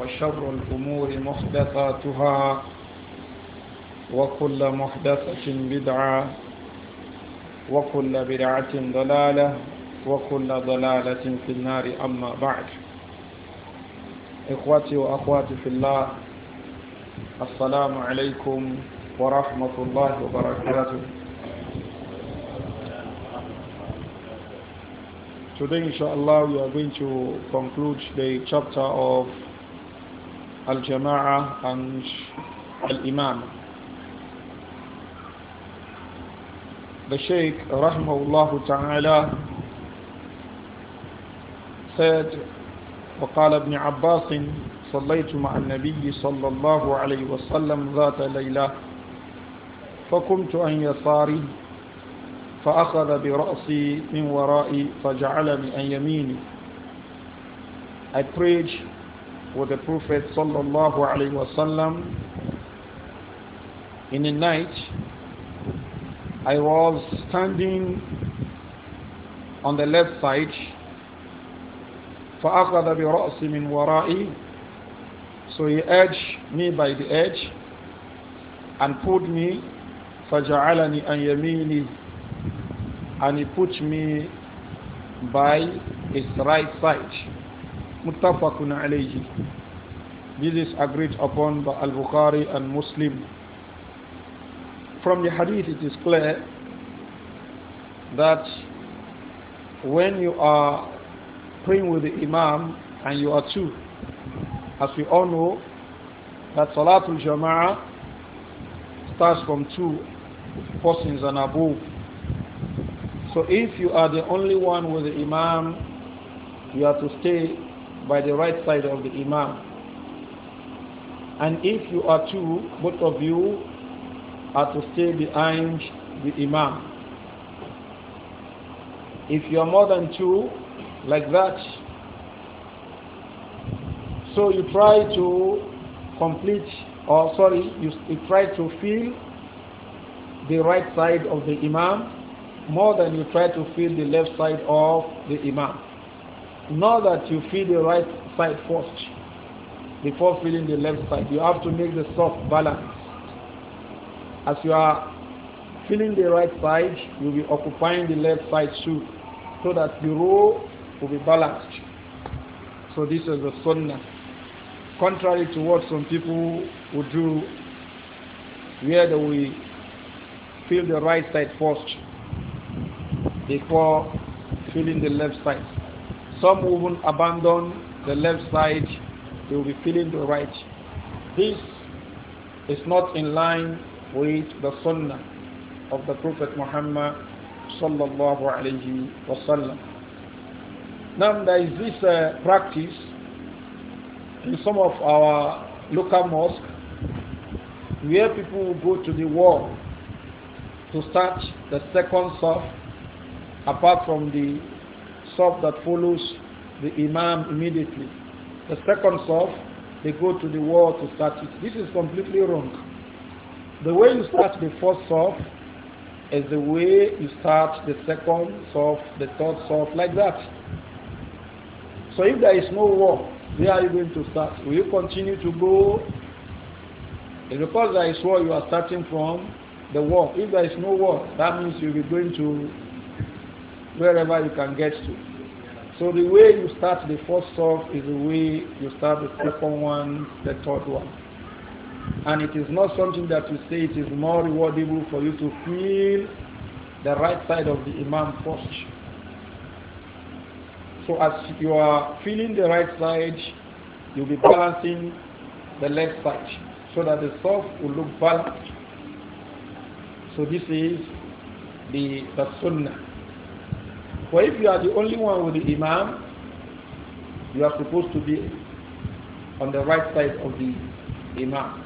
وشر الأمور محدثاتها وكل محدثة بدعة وكل بدعة ضلالة وكل ضلالة في النار أما بعد إخوتي وأخواتي في الله السلام عليكم ورحمة الله وبركاته Today, inshallah, we are going to conclude the chapter of الجماعة عن الإمام The رحمه الله said وقال ابن عباس صليت مع النبي صلى الله عليه وسلم ذات ليلة فقمت أن يصاري فأخذ برأسي من ورائي فجعلني أن يميني I preached with the Prophet sallallahu alaihi wasallam in the night. I was standing on the left side. فأخذ برأسي من ورائي so he edged me by the edge and pulled me فجعلني أن يميني and he put me by his right side Muttafaqun alayhi. This is agreed upon by Al-Bukhari and Muslim. From the hadith it is clear that when you are praying with the Imam and you are two, as we all know, that Salatul Jama'ah starts from two persons and above. So if you are the only one with the Imam, you have to stay by the right side of the Imam. And if you are two, both of you are to stay behind the Imam. If you are more than two, like that, so you try to complete, or sorry, you, you try to feel the right side of the Imam more than you try to feel the left side of the Imam. Now that you feel the right side first before feeling the left side. You have to make the soft balance. As you are feeling the right side, you'll be occupying the left side too, so that the row will be balanced. So this is the sunnah. Contrary to what some people would do, where they will feel the right side first before feeling the left side. Some will even abandon the left side, they will be feeling the right. This is not in line with the sunnah of the Prophet Muhammad sallallahu alayhi wasallam. Now there is this uh, practice in some of our local mosques where people go to the wall to start the second side, apart from the that follows the imam immediately. The second saf, they go to the wall to start it. This is completely wrong. The way you start the first saf is the way you start the second saf, the third saf, like that. So if there is no wall, where are you going to start? Will you continue to go? If because there is wall, you are starting from the wall. If there is no wall, that means you'll be going to wherever you can get to. So the way you start the first surf is the way you start the second one, the third one. And it is not something that you say it is more rewardable for you to feel the right side of the imam first. So as you are feeling the right side, you'll be balancing the left side so that the surf will look balanced. So this is the, the sunnah. For if you are the only one with the imam, you are supposed to be on the right side of the imam.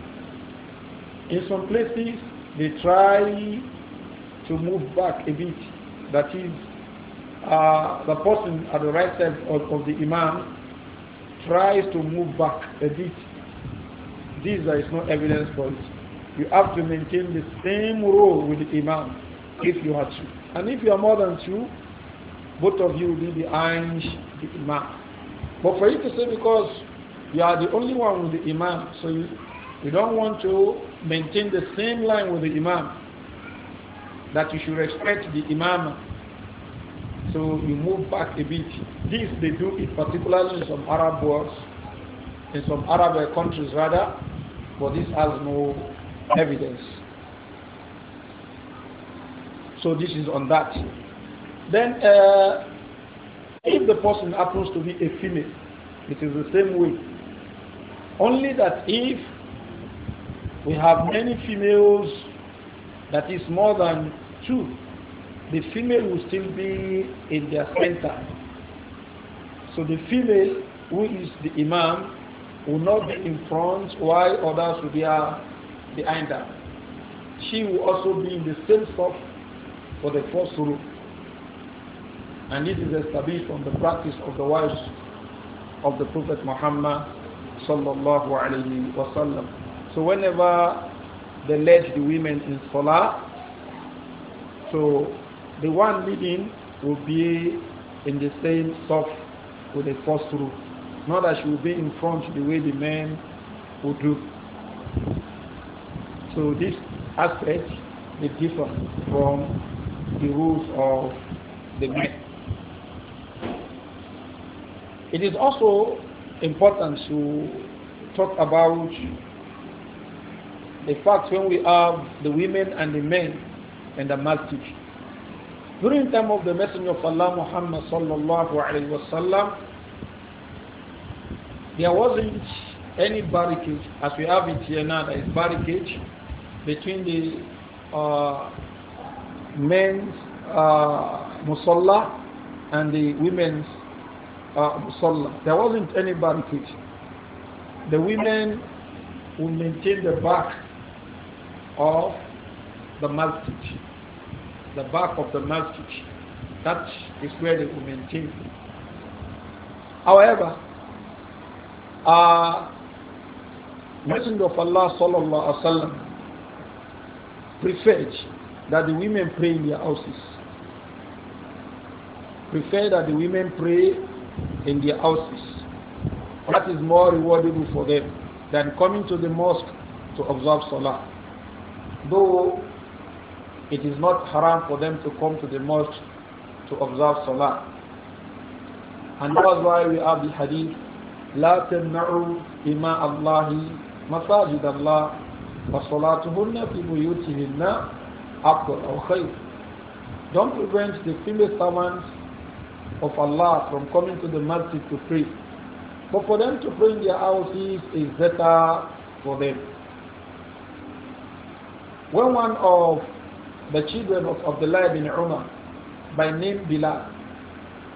In some places, they try to move back a bit. That is, uh, the person at the right side of, of the imam tries to move back a bit. This there is no evidence for it. You have to maintain the same role with the imam if you are two. And if you are more than two, both of you will be behind the imam. But for you to say because you are the only one with the imam, so you, you don't want to maintain the same line with the imam, that you should respect the imam. So you move back a bit. This they do it particularly in some Arab worlds, in some Arab uh, countries rather, but this has no evidence. So this is on that. Then, uh, if the person happens to be a female, it is the same way. Only that if we have many females, that is more than two, the female will still be in their center. So the female who is the imam will not be in front while others will be behind her. She will also be in the same spot for the first rule. And this is established from the practice of the wives of the Prophet Muhammad sallallahu alayhi wasallam. So whenever they led the women in salah, so the one leading will be in the same soft with the first row. Not that she will be in front the way the men would do. So this aspect is different from the rules of the men. It is also important to talk about the fact when we have the women and the men in the masjid. During the time of the Messenger of Allah Muhammad sallallahu alaihi wasallam, there wasn't any barricade as we have it here now. There is barricade between the uh, men's uh, musalla and the women's uh, There wasn't any barricade. The women would maintain the back of the masjid. The back of the masjid. That is where they would maintain. However, uh, Messenger of Allah sallallahu alaihi wasallam preferred that the women pray in their houses. Preferred that the women pray in their houses. That is more rewarding for them than coming to the mosque to observe Salah. Though it is not haram for them to come to the mosque to observe Salah. And that is why we have the hadith, لا تمنعوا إماء الله مساجد الله وصلاتهن في بيوتهن أفضل أو خير. Don't prevent the female servants of Allah from coming to the masjid to pray. But for them to pray in their houses is better for them. When one of the children of Abdullah in Umar, by name Bilal,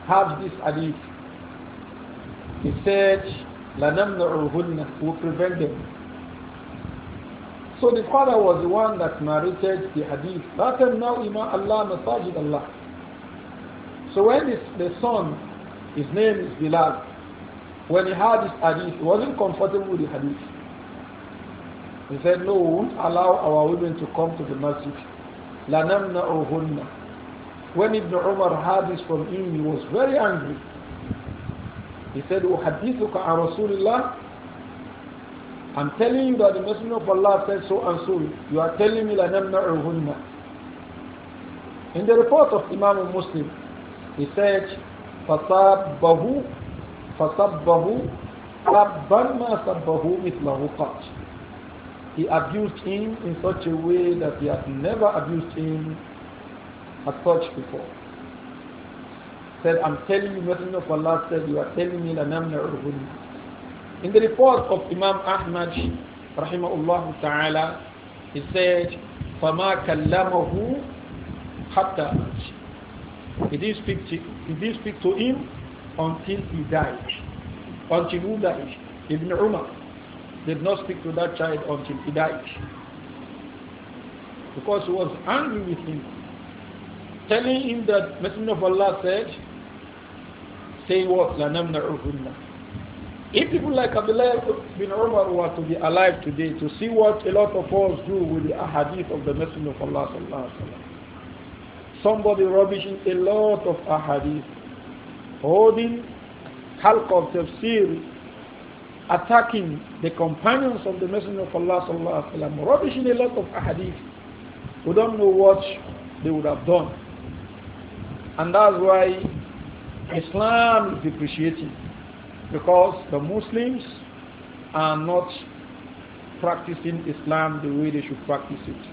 had this hadith, he said, لَنَمْنَعُهُنَّ will prevent them. So the father was the one that narrated the hadith. لَا تَمْنَوْ Imam Allah مَسَاجِدَ Allah. So when the son, his name is Bilal, when he heard this hadith, he wasn't comfortable with the hadith. He said, No, we won't allow our women to come to the masjid. لَنَمْنَعُهُنَّ When Ibn Umar heard this from him, he was very angry. He said, أُحَدِّثُكَ عَنْ رَسُولِ اللَّهِ I'm telling you that the Messenger of Allah said so and so. You are telling me لَنَمْنَعُهُنَّ In the report of Imam Muslim, he said, فَصَابَّهُ فَصَبَّهُ سَبًّا مَا سَبَّهُ مِثْلَهُ قَطْ He abused him in such a way that he had never abused him as such before. Said, I'm telling you, Messenger of Allah said, you are telling me that I'm not In the report of Imam Ahmad, rahimahullah ta'ala, he said, فَمَا كَلَّمَهُ حَتَّى he didn't speak to, he didn't speak to him until he died, until who died. Ibn Umar did not speak to that child until he died. Because he was angry with him, telling him that Messenger of Allah said, say what? لَنَمْنَعُهُنَّ If people like Abdullah bin Umar were to be alive today, to see what a lot of us do with the ahadith of the Messenger of Allah sallallahu somebody rubbishing a lot of ahadith, holding halq of tafsir, attacking the companions of the Messenger of Allah sallallahu alaihi wasallam, rubbishing a lot of ahadith. We don't know what they would have done, and that's why Islam is depreciating because the Muslims are not practicing Islam the way they should practice it.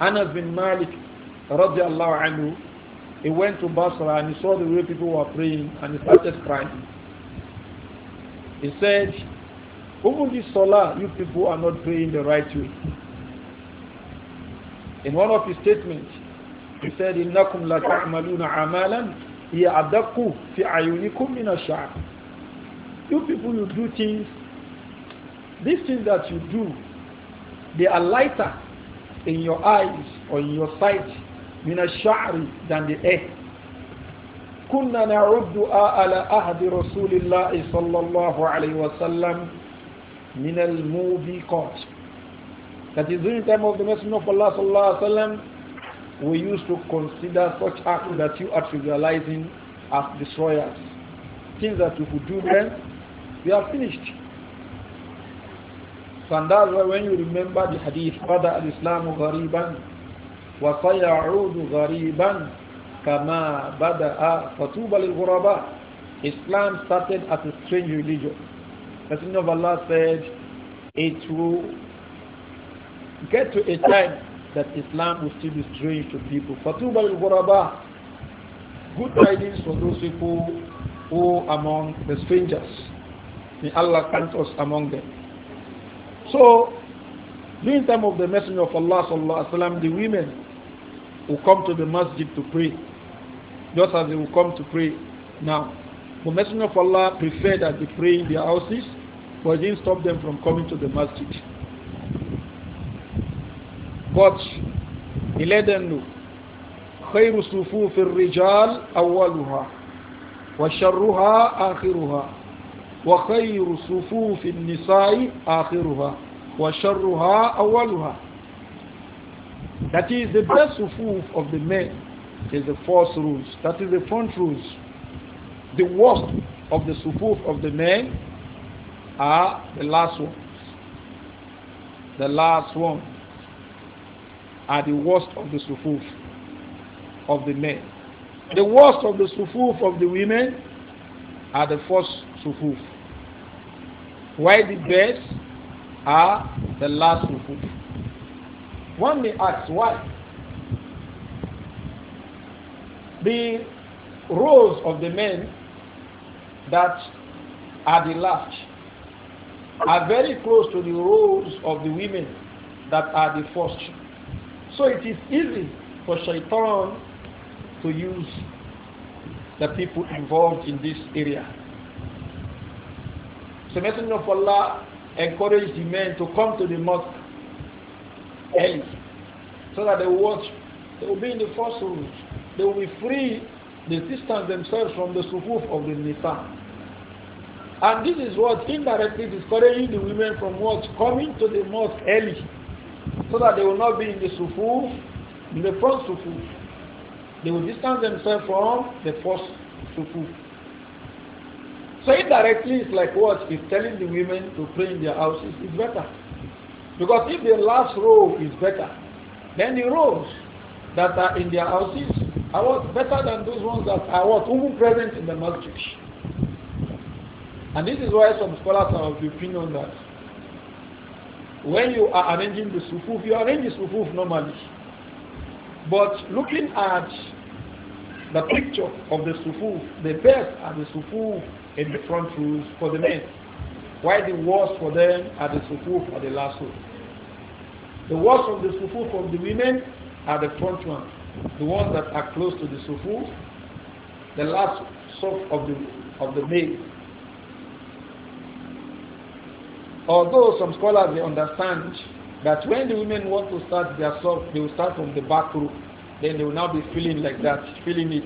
Anas bin Malik Allah anhu, he went to Basra and he saw the way people were praying and he started crying. He said, Even this Salah, you people are not praying the right way. In one of his statements, he said, إنكم لا تعملون عمالا هي fi في عيونكم من الشعر. You people, you do things, these things that you do, they are lighter in your eyes or in your sight من الشعر shari than the hair. كنا نعدها آل عهد رسول الله صلى الله عليه وسلم من الموبقات That is during the time of the Messenger of Allah صلى الله عليه وسلم we used to consider such acts that you are trivializing as destroyers. Things that you could do then, we are finished. So and that's why when you remember the hadith, "Father, al islam ghariban وَسَيَعُودُ غَرِيبًا كَمَا بَدَأَ فَتُوبَ لِلْغُرَبَاءِ Islam started as a strange religion. The Messenger of Allah said, it will get to a time that Islam will still be strange to people. فَتُوبَ Ghuraba, Good tidings for those people who are among the strangers. May Allah count us among them. So, during the time of the Messenger of Allah, وسلم, the women will come to the masjid to pray, just as they will come to pray now. The Messenger of Allah preferred that they pray in their houses, but it didn't stop them from coming to the masjid. But he let them know, خير صفوف الرجال أولها وشرها آخرها وخير صفوف النساء آخرها وشرها أولها that is the best sufuf of the men is the false rules. That is the front rules. The worst of the sufuf of the men are the last ones. The last ones are the worst of the sufuf of the men. The worst of the sufuf of the women are the first sufuf. Why the best are the last sufuf. One may ask why. The rows of the men that are the last are very close to the rows of the women that are the first. So it is easy for shaitan to use the people involved in this area. So Messenger of Allah encouraged the men to come to the mosque early so that they will watch. They will be in the first room, They will be free, they distance themselves from the sufuf of the nisa. And this is what indirectly discouraging the women from what coming to the mosque early so that they will not be in the sufuf, in the first sufuf. They will distance themselves from the first sufuf. So indirectly, it's like what? telling the women to pray in their houses is better. Because if the last row is better, then the rows that are in their houses are what better than those ones that are what even present in the masjid. And this is why some scholars are of the opinion that when you are arranging the sufuf, you arrange the sufuf normally. But looking at the picture of the sufuf, the best are the sufuf in the front rows for the men, while the worst for them are the sufuf for the last row. The ones from the sufu from the women are the front ones. The ones that are close to the sufu, the last soft of the of the male. Although some scholars they understand that when the women want to start their soft, they will start from the back row. Then they will now be feeling like that, feeling it.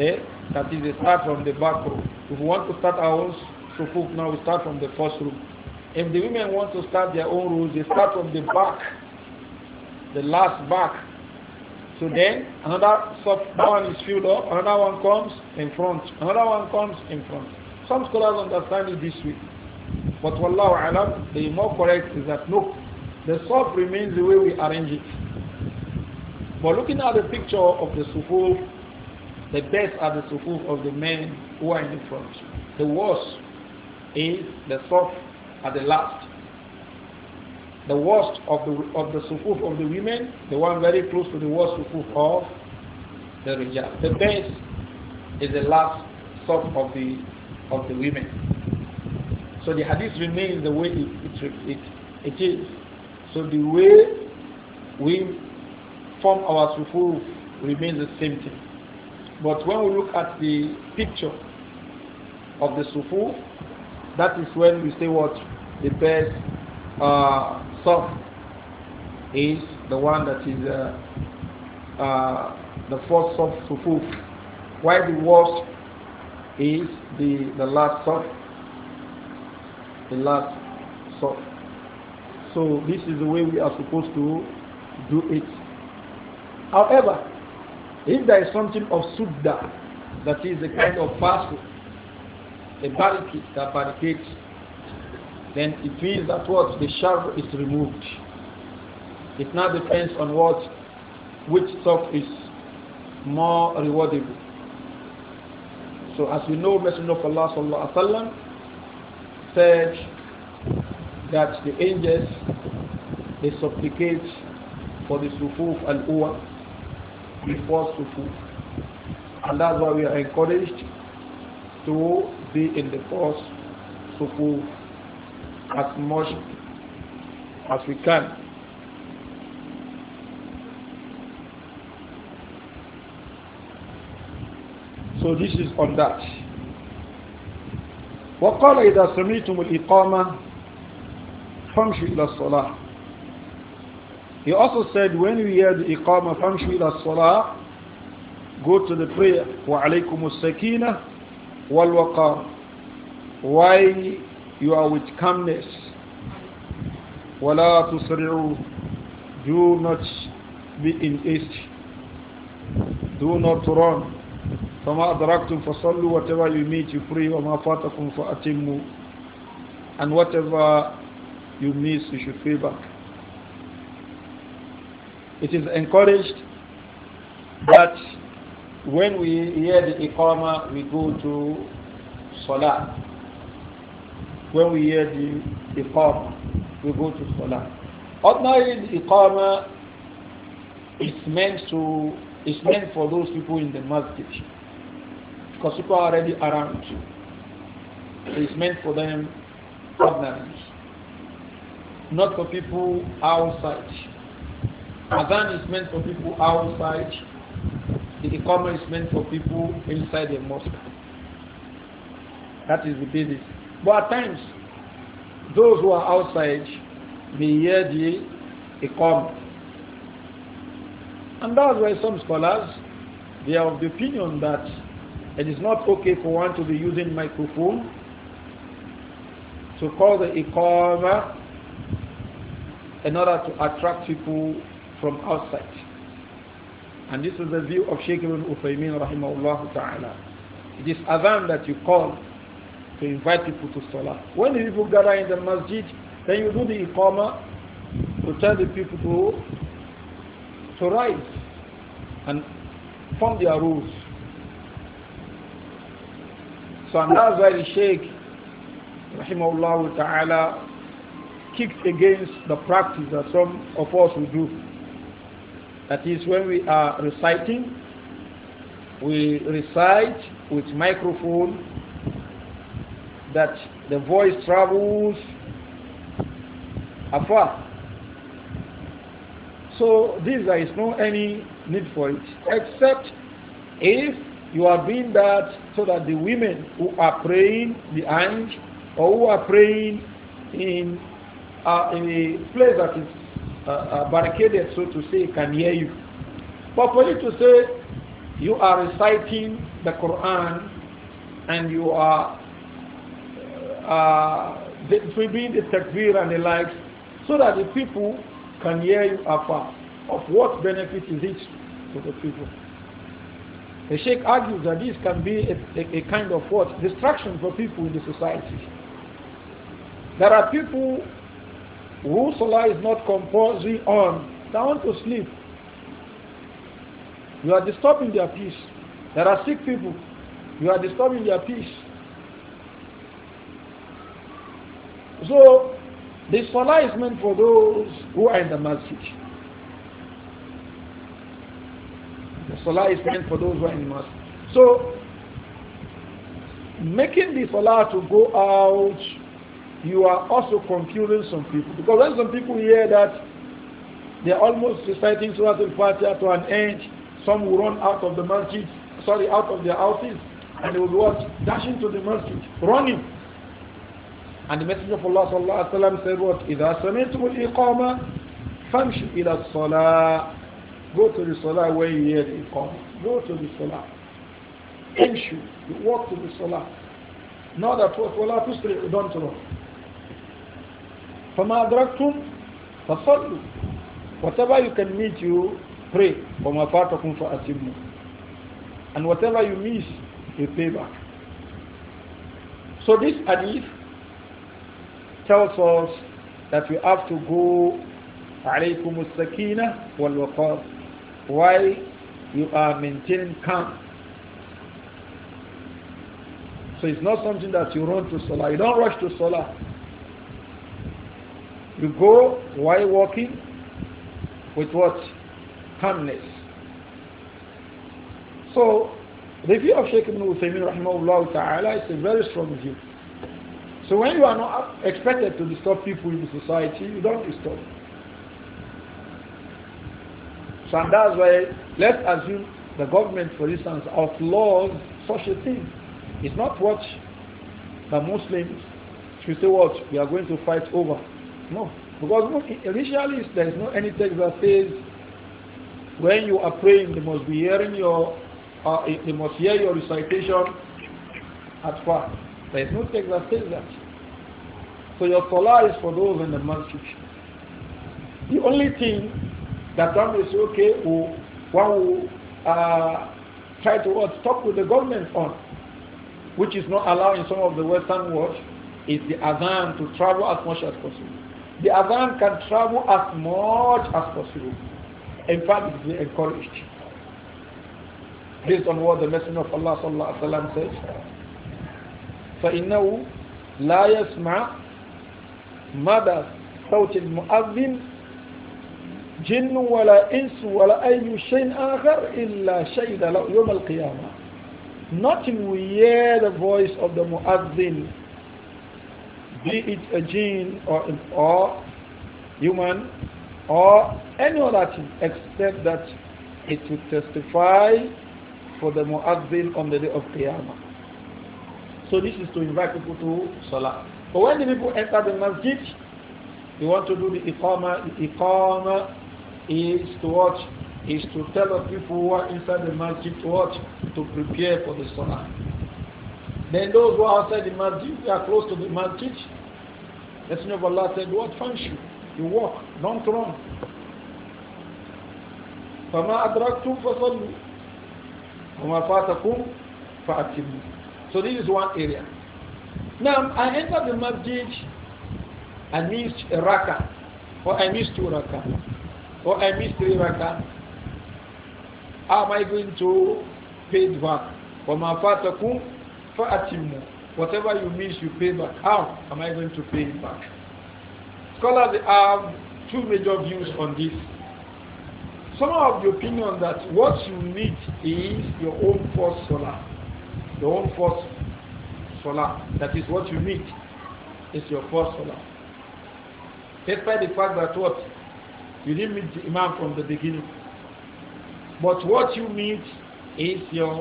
Eh? That is, they start from the back row. If we want to start our own now, we start from the first row. If the women want to start their own rules, they start from the back, the last back. So then another sub one is filled up, another one comes in front, another one comes in front. Some scholars understand it this way. But wallahu alam, the more correct is that no, the sub remains the way we arrange it. But looking at the picture of the sufuf, the best are the sufuf of the men who are in the front. The worst is the soft at the last. The worst of the, of the sufuf of the women, the one very close to the worst sufuf of the rijal. The best is the last sort of the, of the women. So the hadith remains the way it, it, it, it is. So the way we form our sufuf remains the same thing. But when we look at the picture of the sufu, that is when we say what the best uh, soft is the one that is uh, uh, the first soft food. while the worst is the, the last soft, the last soft. So this is the way we are supposed to do it. However, if there is something of sudda, that is a kind of fast, a barricade that barricades then it means that what the sharp is removed. It now depends on what which stock is more rewardable. So as we know, Messenger of Allah sallallahu alaihi wasallam said that the angels they supplicate for the sufuf and uwa before sufuf, and that's why we are encouraged to be in the first sufuf as much as we can. So this is on that. وقال إذا سمعتم الإقامة فامشوا إلى الصلاة. He also said when you hear the إقامة فامشوا إلى الصلاة go to the prayer وعليكم السكينة والوقار. Why you are with calmness. وَلَا تُسْرِعُوا Do not be in haste. Do not run. فَمَا أَدْرَكْتُمْ فَصَلُّوا Whatever you meet, you pray. وَمَا فَاتَكُمْ فَأَتِمُّوا And whatever you miss, you should feel back. It is encouraged that when we hear the Iqamah, we go to Salah when we hear the iqama, we go to salah. Ordinarily, the iqama is meant to is meant for those people in the masjid because people are already around. It's meant for them ordinarily, not for people outside. Adhan is meant for people outside. The iqama is meant for people inside the mosque. That is the basis. But at times, those who are outside may hear the iqam. And that's why some scholars, they are of the opinion that it is not okay for one to be using microphone to call the iqama in order to attract people from outside. And this is the view of Sheikh ibn Uthaymeen rahimahullah ta'ala. It is adhan that you call to invite people to salah. When the people gather in the masjid, then you do the iqama to tell the people to, to rise and form their rules. So and that's why the Sheikh, rahimahullah ta'ala, kicked against the practice that some of us will do. That is when we are reciting, we recite with microphone that the voice travels afar. So this there is no any need for it, except if you are doing that so that the women who are praying behind or who are praying in, uh, in a place that is uh, uh, barricaded, so to say, can hear you. But for you to say you are reciting the Quran and you are uh, the, between the takbir and the likes, so that the people can hear you afar. Of what benefit is it to the people? The Sheikh argues that this can be a, a, a kind of what? Distraction for people in the society. There are people who Salah is not compulsory on. They want to sleep. You are disturbing their peace. There are sick people. You are disturbing their peace. So the salah is meant for those who are in the masjid. The salah is meant for those who are in the masjid. So making the salah to go out, you are also confusing some people. Because when some people hear that they are almost reciting Surah Al-Fatiha to an end, some will run out of the masjid, sorry, out of their houses, and they will go dashing to the masjid, running. And the Messenger of Allah sallallahu alaihi wasallam said what? إِذَا سَمِعْتُمُ الْإِقَامَ the إِلَى الصَّلَاةِ Go to the salah when you hear the iqamah. Go to the salah. Amshu. You walk to the salah. Now that what? وَلَا تُسْرِعُ Don't run. فَمَا أَدْرَكْتُمْ فَصَلُّوا Whatever you can meet you, pray. وَمَا فَاتَكُمْ فَأَتِمُّوا And whatever you miss, you pay back. So this hadith tells us that we have to go alaykum as-sakina wal waqar you are maintaining calm so it's not something that you run to salah you don't rush to salah you go while walking with what calmness so the view of Sheikh Ibn Uthaymeen rahimahullah ta'ala is a very strong view so when you are not expected to disturb people in the society, you don't disturb. So and that's why, let's assume the government, for instance, outlaws such a thing. It's not what the Muslims should say what we are going to fight over. No. Because initially there is no any text that says when you are praying you must be hearing your uh, must hear your recitation at far. There is no text that says that. So your salah is for those in the masjid. The only thing that one is okay, or one will uh, try to talk with the government on, which is not allowed in some of the Western world, is the Adhan to travel as much as possible. The Adhan can travel as much as possible. In fact, it is encouraged. Based on what the Messenger of Allah sallallahu alaihi wasallam says, فإنه لا يسمع ماذا صوت المؤذن جن ولا إنس ولا أي شيء آخر إلا يوم القيامة Nothing will hear the voice of the muazzin, be it a jinn or, or human or any other thing, except that it will testify for the muazzin on the day of Qiyamah. So this is to invite people to Salah. But when the people enter the masjid, they want to do the iqama. The iqama is to watch, is to tell the people who are inside the masjid to watch, to prepare for the salah. Then those who are outside the masjid, they are close to the masjid. Messenger of Allah said, what function? You walk, don't run. فَمَا أَدْرَكْتُمْ فَصَلُّوا وَمَا فَاتَكُمْ فَأَتِمُّوا So this is one area. Now, I enter the masjid, I missed a raka, or I missed two raka, or I missed three raka. How am I going to pay it back? وَمَا فَاتَكُمْ فَأَتِمُّ Whatever you miss, you pay back. How am I going to pay it back? Scholars have two major views on this. Some are of the opinion that what you need is your own first solar, your own first salah. That is what you meet. It's your first salah. Despite the fact that what? You didn't meet the Imam from the beginning. But what you meet is your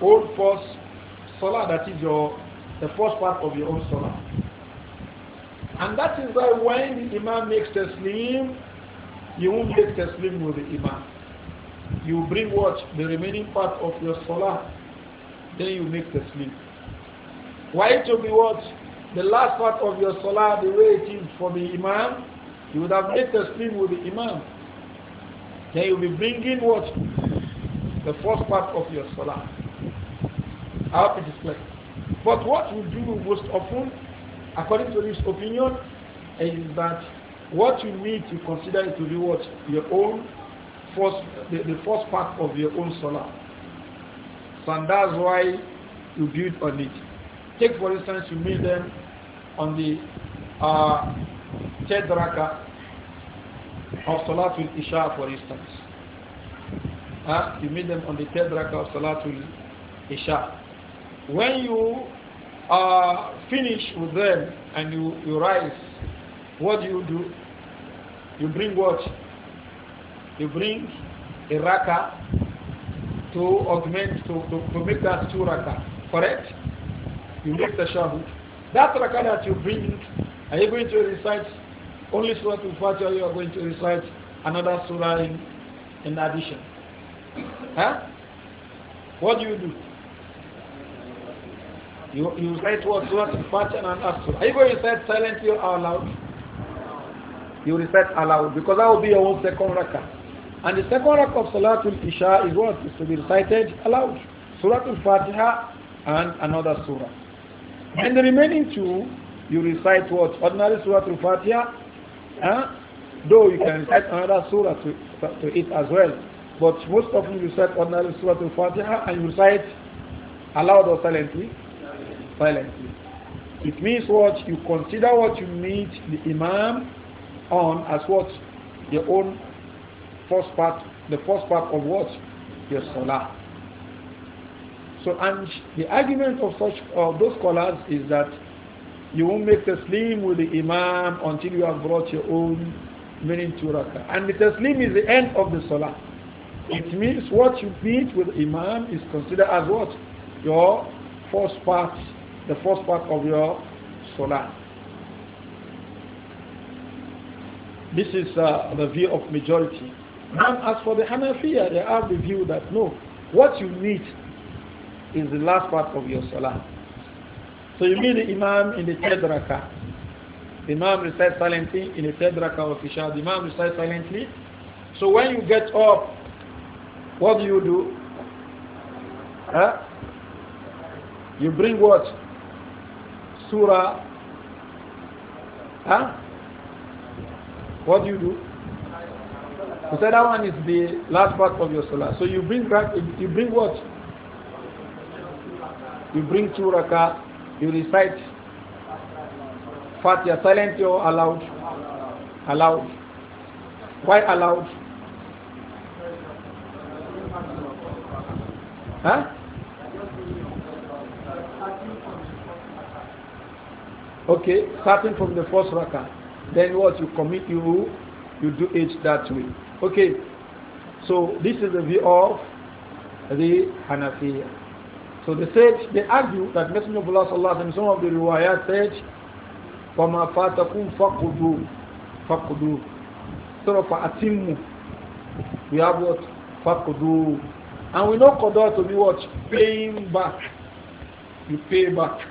own first salah. That is your the first part of your own salah. And that is why when the Imam makes taslim, you won't make taslim with the Imam. You bring what? The remaining part of your salah. Then you make the sleep. Why to be what? The last part of your salah, the way it is for the imam, you would have made the sleep with the imam. Then you'll be bringing what? The first part of your salah. I hope it is clear. But what we do most often, according to this opinion, is that what you need to consider to be what? Your own first, the, the first part of your own salah. So and that's why you build on it. Take for instance, you meet them on the uh, third raka of Salatul Isha, for instance. Uh, you meet them on the third raka of Salatul Isha. When you uh, finish with them and you, you rise, what do you do? You bring what? You bring a raka to augment, to, to, to make that two raka, correct? you make the shahud. That rakah that you bring, are you going to recite only Surah Al-Fatiha or you are going to recite another surah in, in addition? Huh? What do you do? You, you recite what Surah Al-Fatiha and another surah. Are you going to recite silently or aloud? You recite aloud because that will be your own second rakah. And the second rakah of Salatul Isha is what is to be recited aloud. Surah Al-Fatiha and another surah. And the remaining two, you recite what? Ordinary Surah to Fatiha. Huh? Though you can recite another Surah to, to it as well. But most often you recite ordinary Surah to Fatiha and you recite aloud or silently? Silently. It means what? You consider what you meet the Imam on as what? Your own first part, the first part of what? Your Salah. So, and the argument of such of those scholars is that you won't make taslim with the imam until you have brought your own meaning to rakah. And the taslim is the end of the salah. It means what you meet with imam is considered as what? Your first part, the first part of your salah. This is uh, the view of majority. And as for the Hanafiya, they have the view that no, what you need is the last part of your salah. So you meet the Imam in the third rakah. The Imam recites silently in the third rakah of Isha. The Imam recites silently. So when you get up, what do you do? Huh? You bring what? Surah. Huh? What do you do? You said that one is the last part of your salah. So you bring you bring what? you bring two raka, you recite Fatiha silently or aloud? Aloud. Why aloud? Huh? Okay, starting from the first raka, Then what you commit, you you do it that way. Okay, so this is the view of the Hanafi. So they said, they argue that Messenger of Allah sallallahu some of the riwayat said, وَمَا فَاتَكُمْ فَقُدُوا فَقُدُوا Sort of فَأَتِمُّ We have what? فَقُدُوا And we know Qadar to be what? Paying back. You pay back.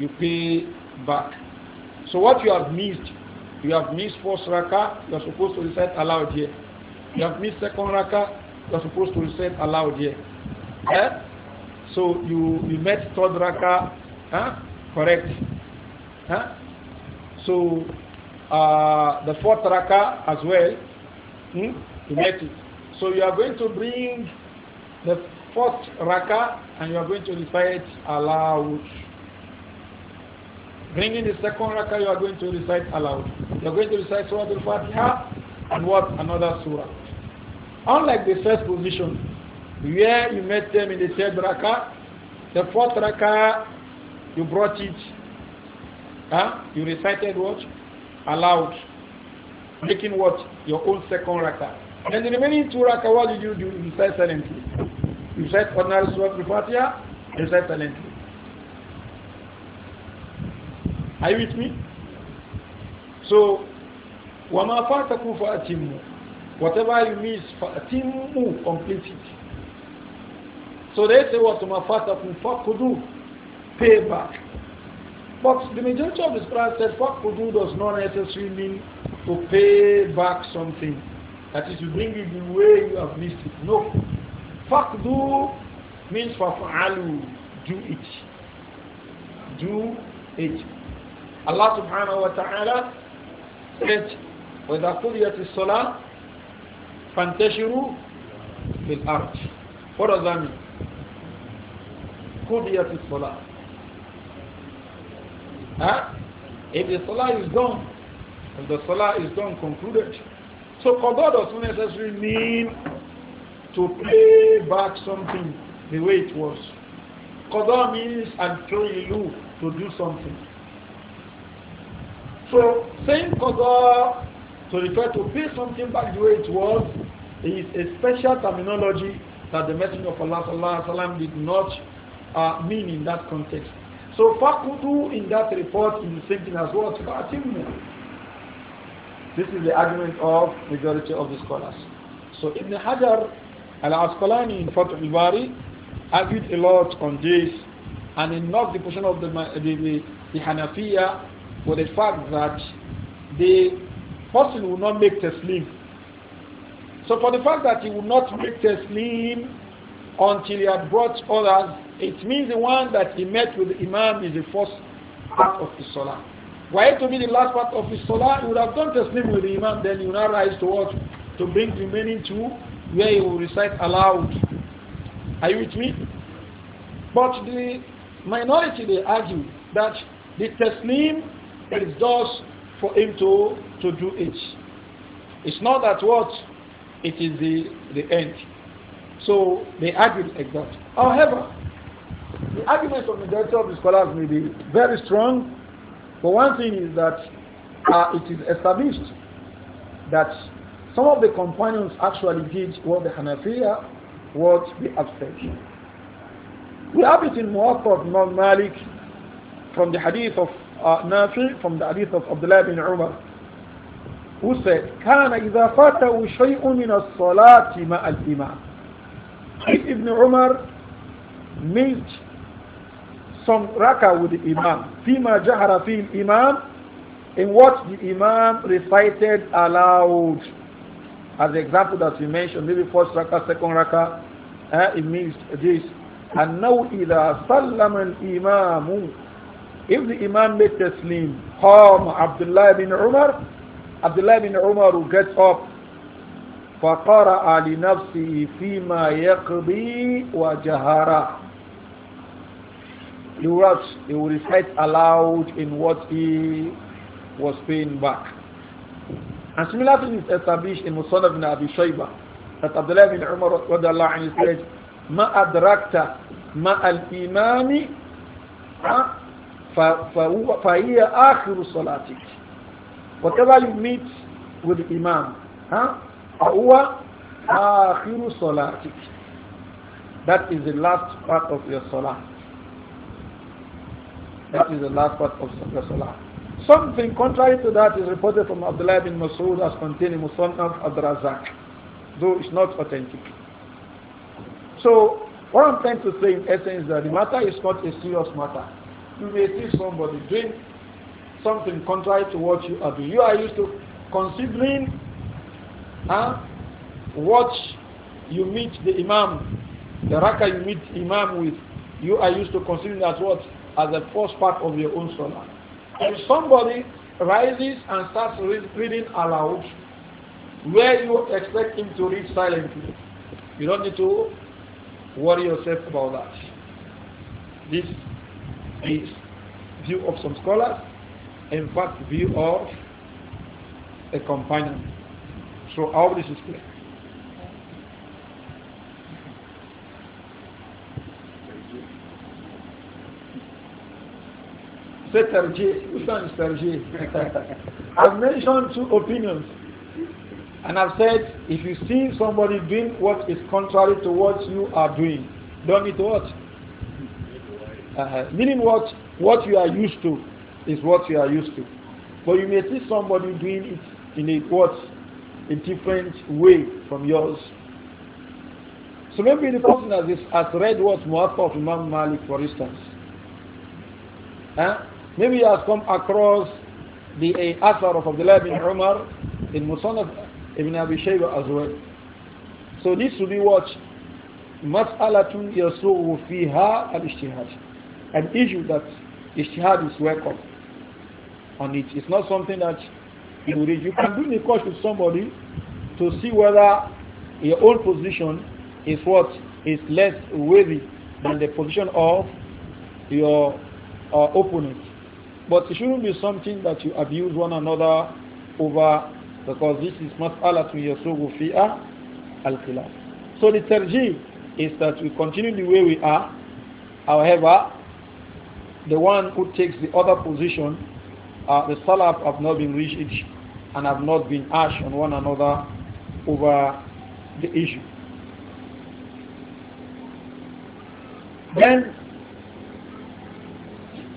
You pay back. So what you have missed, you have missed first raka, you are supposed to recite aloud here. You have missed second raka, you are supposed to recite aloud here. Eh? So you, you met third raka, correct. So uh, the fourth raka as well, hmm? you met it. So you are going to bring the fourth raka and you are going to recite aloud. Bringing the second raka, you are going to recite aloud. You are going to recite Surah Al-Fatiha and what? Another surah. Unlike the first position, where you met them in the third raka, the fourth raka, you brought it. Huh? You recited what? Aloud. Making what? Your own second raka. And the remaining two raka, what did you do? You recite silently. You recite ordinary surah al-Fatiha, you recite silently. Are you with me? So, وَمَا فَاتَكُمْ فَأَتِمُّ Whatever you miss, فَأَتِمُّ Complete it. So they say what mafatakum fakudu, pay back. But the majority of the scholars said kudu" does not necessarily mean to pay back something. That is, to bring it the way you have missed it. No. Fakdu means fafa'alu, do it. Do it. Allah subhanahu wa ta'ala said, وَإِذَا قُضِيَتِ الصَّلَاةِ فَانْتَشِرُوا fil الْأَرْضِ What does that mean? قضيت الصلاة huh? If the salah is done, if the salah is done, concluded. So qadha does not necessarily mean to pay back something the way it was. Kada means I'm and you to do something. So saying qadha to refer to pay something back the way it was is a special terminology that the Messenger of Allah sallallahu alaihi wasallam did not uh, mean in that context. So fakudu in that report is the same thing as what? This is the argument of majority of the scholars. So Ibn Hajar al-Asqalani in Fath al-Bari argued a lot on this and in not the position of the, the, the, the Hanafiya for the fact that the person will not make taslim. So for the fact that he will not make taslim until he had brought others it means the one that he met with the Imam is the first part of his salah. Why to be the last part of his salah, he would have gone to sleep with the Imam, then he would not rise to what? To bring the remaining two where he will recite aloud. Are you with me? But the minority they argue that the taslim is just for him to, to do it. It's not that what it is the, the end. So they argue like that. However, the arguments of the majority of the scholars may be very strong, but one thing is that uh, it is established that some of the companions actually did what the Hanafiya, what the abstention. We have it in Muwatta of Imam Malik from the hadith of uh, Nafi, from the hadith of Abdullah bin Umar, who said, كان إذا فاته شيء من الصلاة مع الإمام. Ibn Umar missed some raka with the imam. Fima jahara fil imam. In what the imam recited aloud. As the example that we mentioned, maybe first raka, second rakah. Eh, uh, it means this. أنه إذا سلم الإمام if the Imam made taslim قام Abdullah الله Umar. Abdullah عبد Umar will get up فقرأ لنفسه فيما يقضي وجهره he would, watch, he will recite aloud in what he was paying back. And similar thing is established in Musana ibn Abi Shayba that Abdullah bin Umar said, Ma adrakta ma al imami فهي آخر صلاتك whatever you meet with the imam huh? فهو آخر صلاتك that is the last part of your salah that is the last part of the Salah. Something contrary to that is reported from Abdullah bin Mas'ud as containing Musannaf Abdurazak, though it's not authentic. So, what I'm trying to say in essence is that the matter is not a serious matter. You may see somebody doing something contrary to what you are doing. You are used to considering huh, what you meet the Imam, the raka you meet Imam with. You are used to considering as what? as the first part of your own salah. If somebody rises and starts reading aloud, where you expect him to read silently, you don't need to worry yourself about that. This is view of some scholars, in fact, view of a companion. So all this is clear. Say Which one is I've mentioned two opinions. And I've said, if you see somebody doing what is contrary to what you are doing, don't it what? Uh, meaning what? What you are used to is what you are used to. But you may see somebody doing it in a what? A different way from yours. So maybe the person has, has read what Muwatta of Malik, for instance. Huh? Maybe you has come across the uh, Athar of Abdullah bin Umar in Musannaf ibn Abi Shayba as well. So this will be what? Mas'alatun yasuhu fiha al-ijtihad. An issue that ijtihad is welcome on it. It's not something that you read. You can do the course with somebody to see whether your own position is what is less worthy than the position of your uh, opponent. But it shouldn't be something that you abuse one another over because this is not yasugu fi'a al-khilaf. So the tarjih is that we continue the way we are. However, the one who takes the other position, uh, the salaf have not been reached and have not been harsh on one another over the issue. Then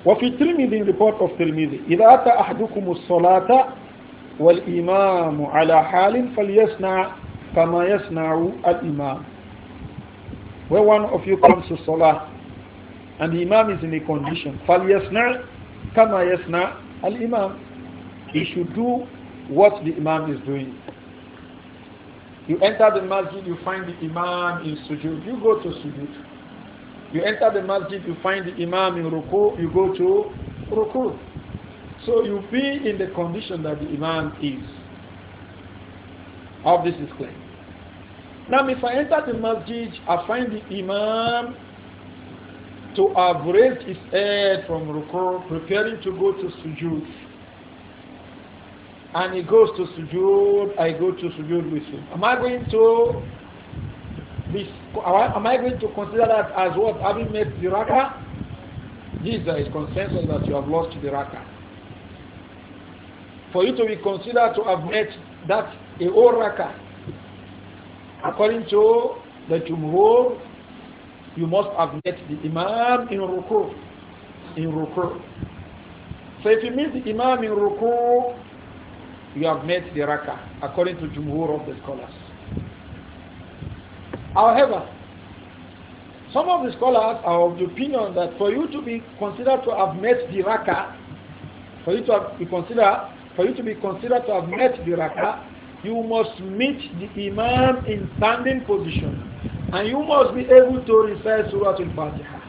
وفي الترمذي report of Tirmidhi إذا أتى أحدكم والإمام على حال فليصنع كما يصنع الإمام When one of you comes to Salah and the Imam is in a condition فليصنع كما يصنع الإمام He should do what the Imam is doing You enter the masjid, you find the Imam in sujood, you go to sujood you enter the masjid, you find the imam in ruku, you go to ruku. So you be in the condition that the imam is. All this is clear. Now if I enter the masjid, I find the imam to have raised his head from ruku, preparing to go to sujood. And he goes to sujood, I go to sujood with him. Am I going to this, am I going to consider that as what? Having made the raka? This there is consensus that you have lost the raka. For you to be considered to have met that a whole raka, according to the Jumhur, you must have met the Imam in Ruku. In Ruku. So if you meet the Imam in Ruku, you have met the raka, according to Jumhur of the scholars. However, some of the scholars are of the opinion that for you to be considered to have met the raka, for you to be considered, for you to be considered to have met the raka, you must meet the imam in standing position, and you must be able to recite Surah Al-Fatiha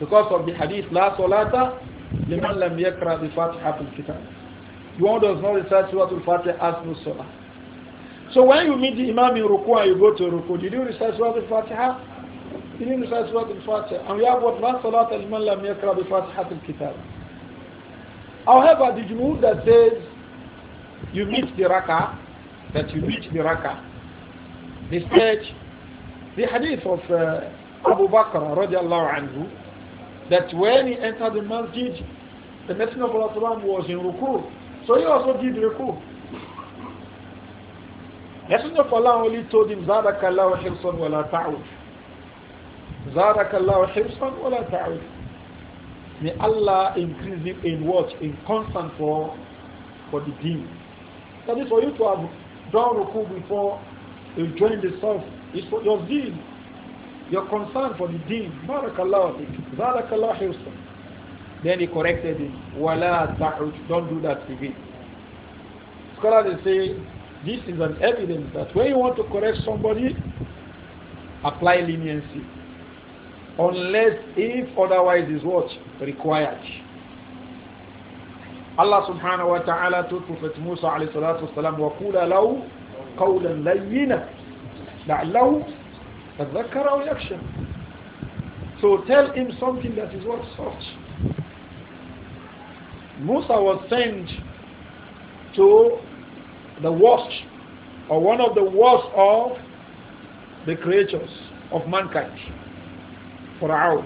because of the hadith La Salata liman lam yakra al Fatiha al-Kitab. One does not recite Surah Al-Fatiha as no salah. So when you meet the Imam in Ruku and you go to Ruku, did you recite Surah Al-Fatiha? didn't recite Surah Al-Fatiha. And we have what? La Salat al-Man lam yakra bi-Fatihat kitab However, the you that says you meet the Raka, that you meet the Raka? They said, the hadith of uh, Abu Bakr radiallahu anhu, that when he entered the masjid, the Messenger of Allah was in Ruku. So he also did Ruku. Messenger of Allah only told him, زَادَكَ اللَّهُ حِرْصًا وَلَا ta'ud." زَادَكَ اللَّهُ حِرْصًا وَلَا ta'ud. May Allah increase you in what? In constant for, for the deen. That is for you to have done ruku before you join the South. It's for your deen, your concern for the deen. Barakallahu Barakallahu hirsan. Then he corrected him. Wala ta'ud. Don't do that again. Scholars say this is an evidence that when you want to correct somebody, apply leniency. Unless if otherwise is what? Required. Allah subhanahu wa ta'ala told Prophet Musa alayhi salatu wasalam, وَقُولَ لَوْ قَوْلًا لَيِّنًا لَعْلَوْ تَذَكَّرَ أَوْ so tell him something that is what such. Musa was sent to the worst or one of the worst of the creatures of mankind, for our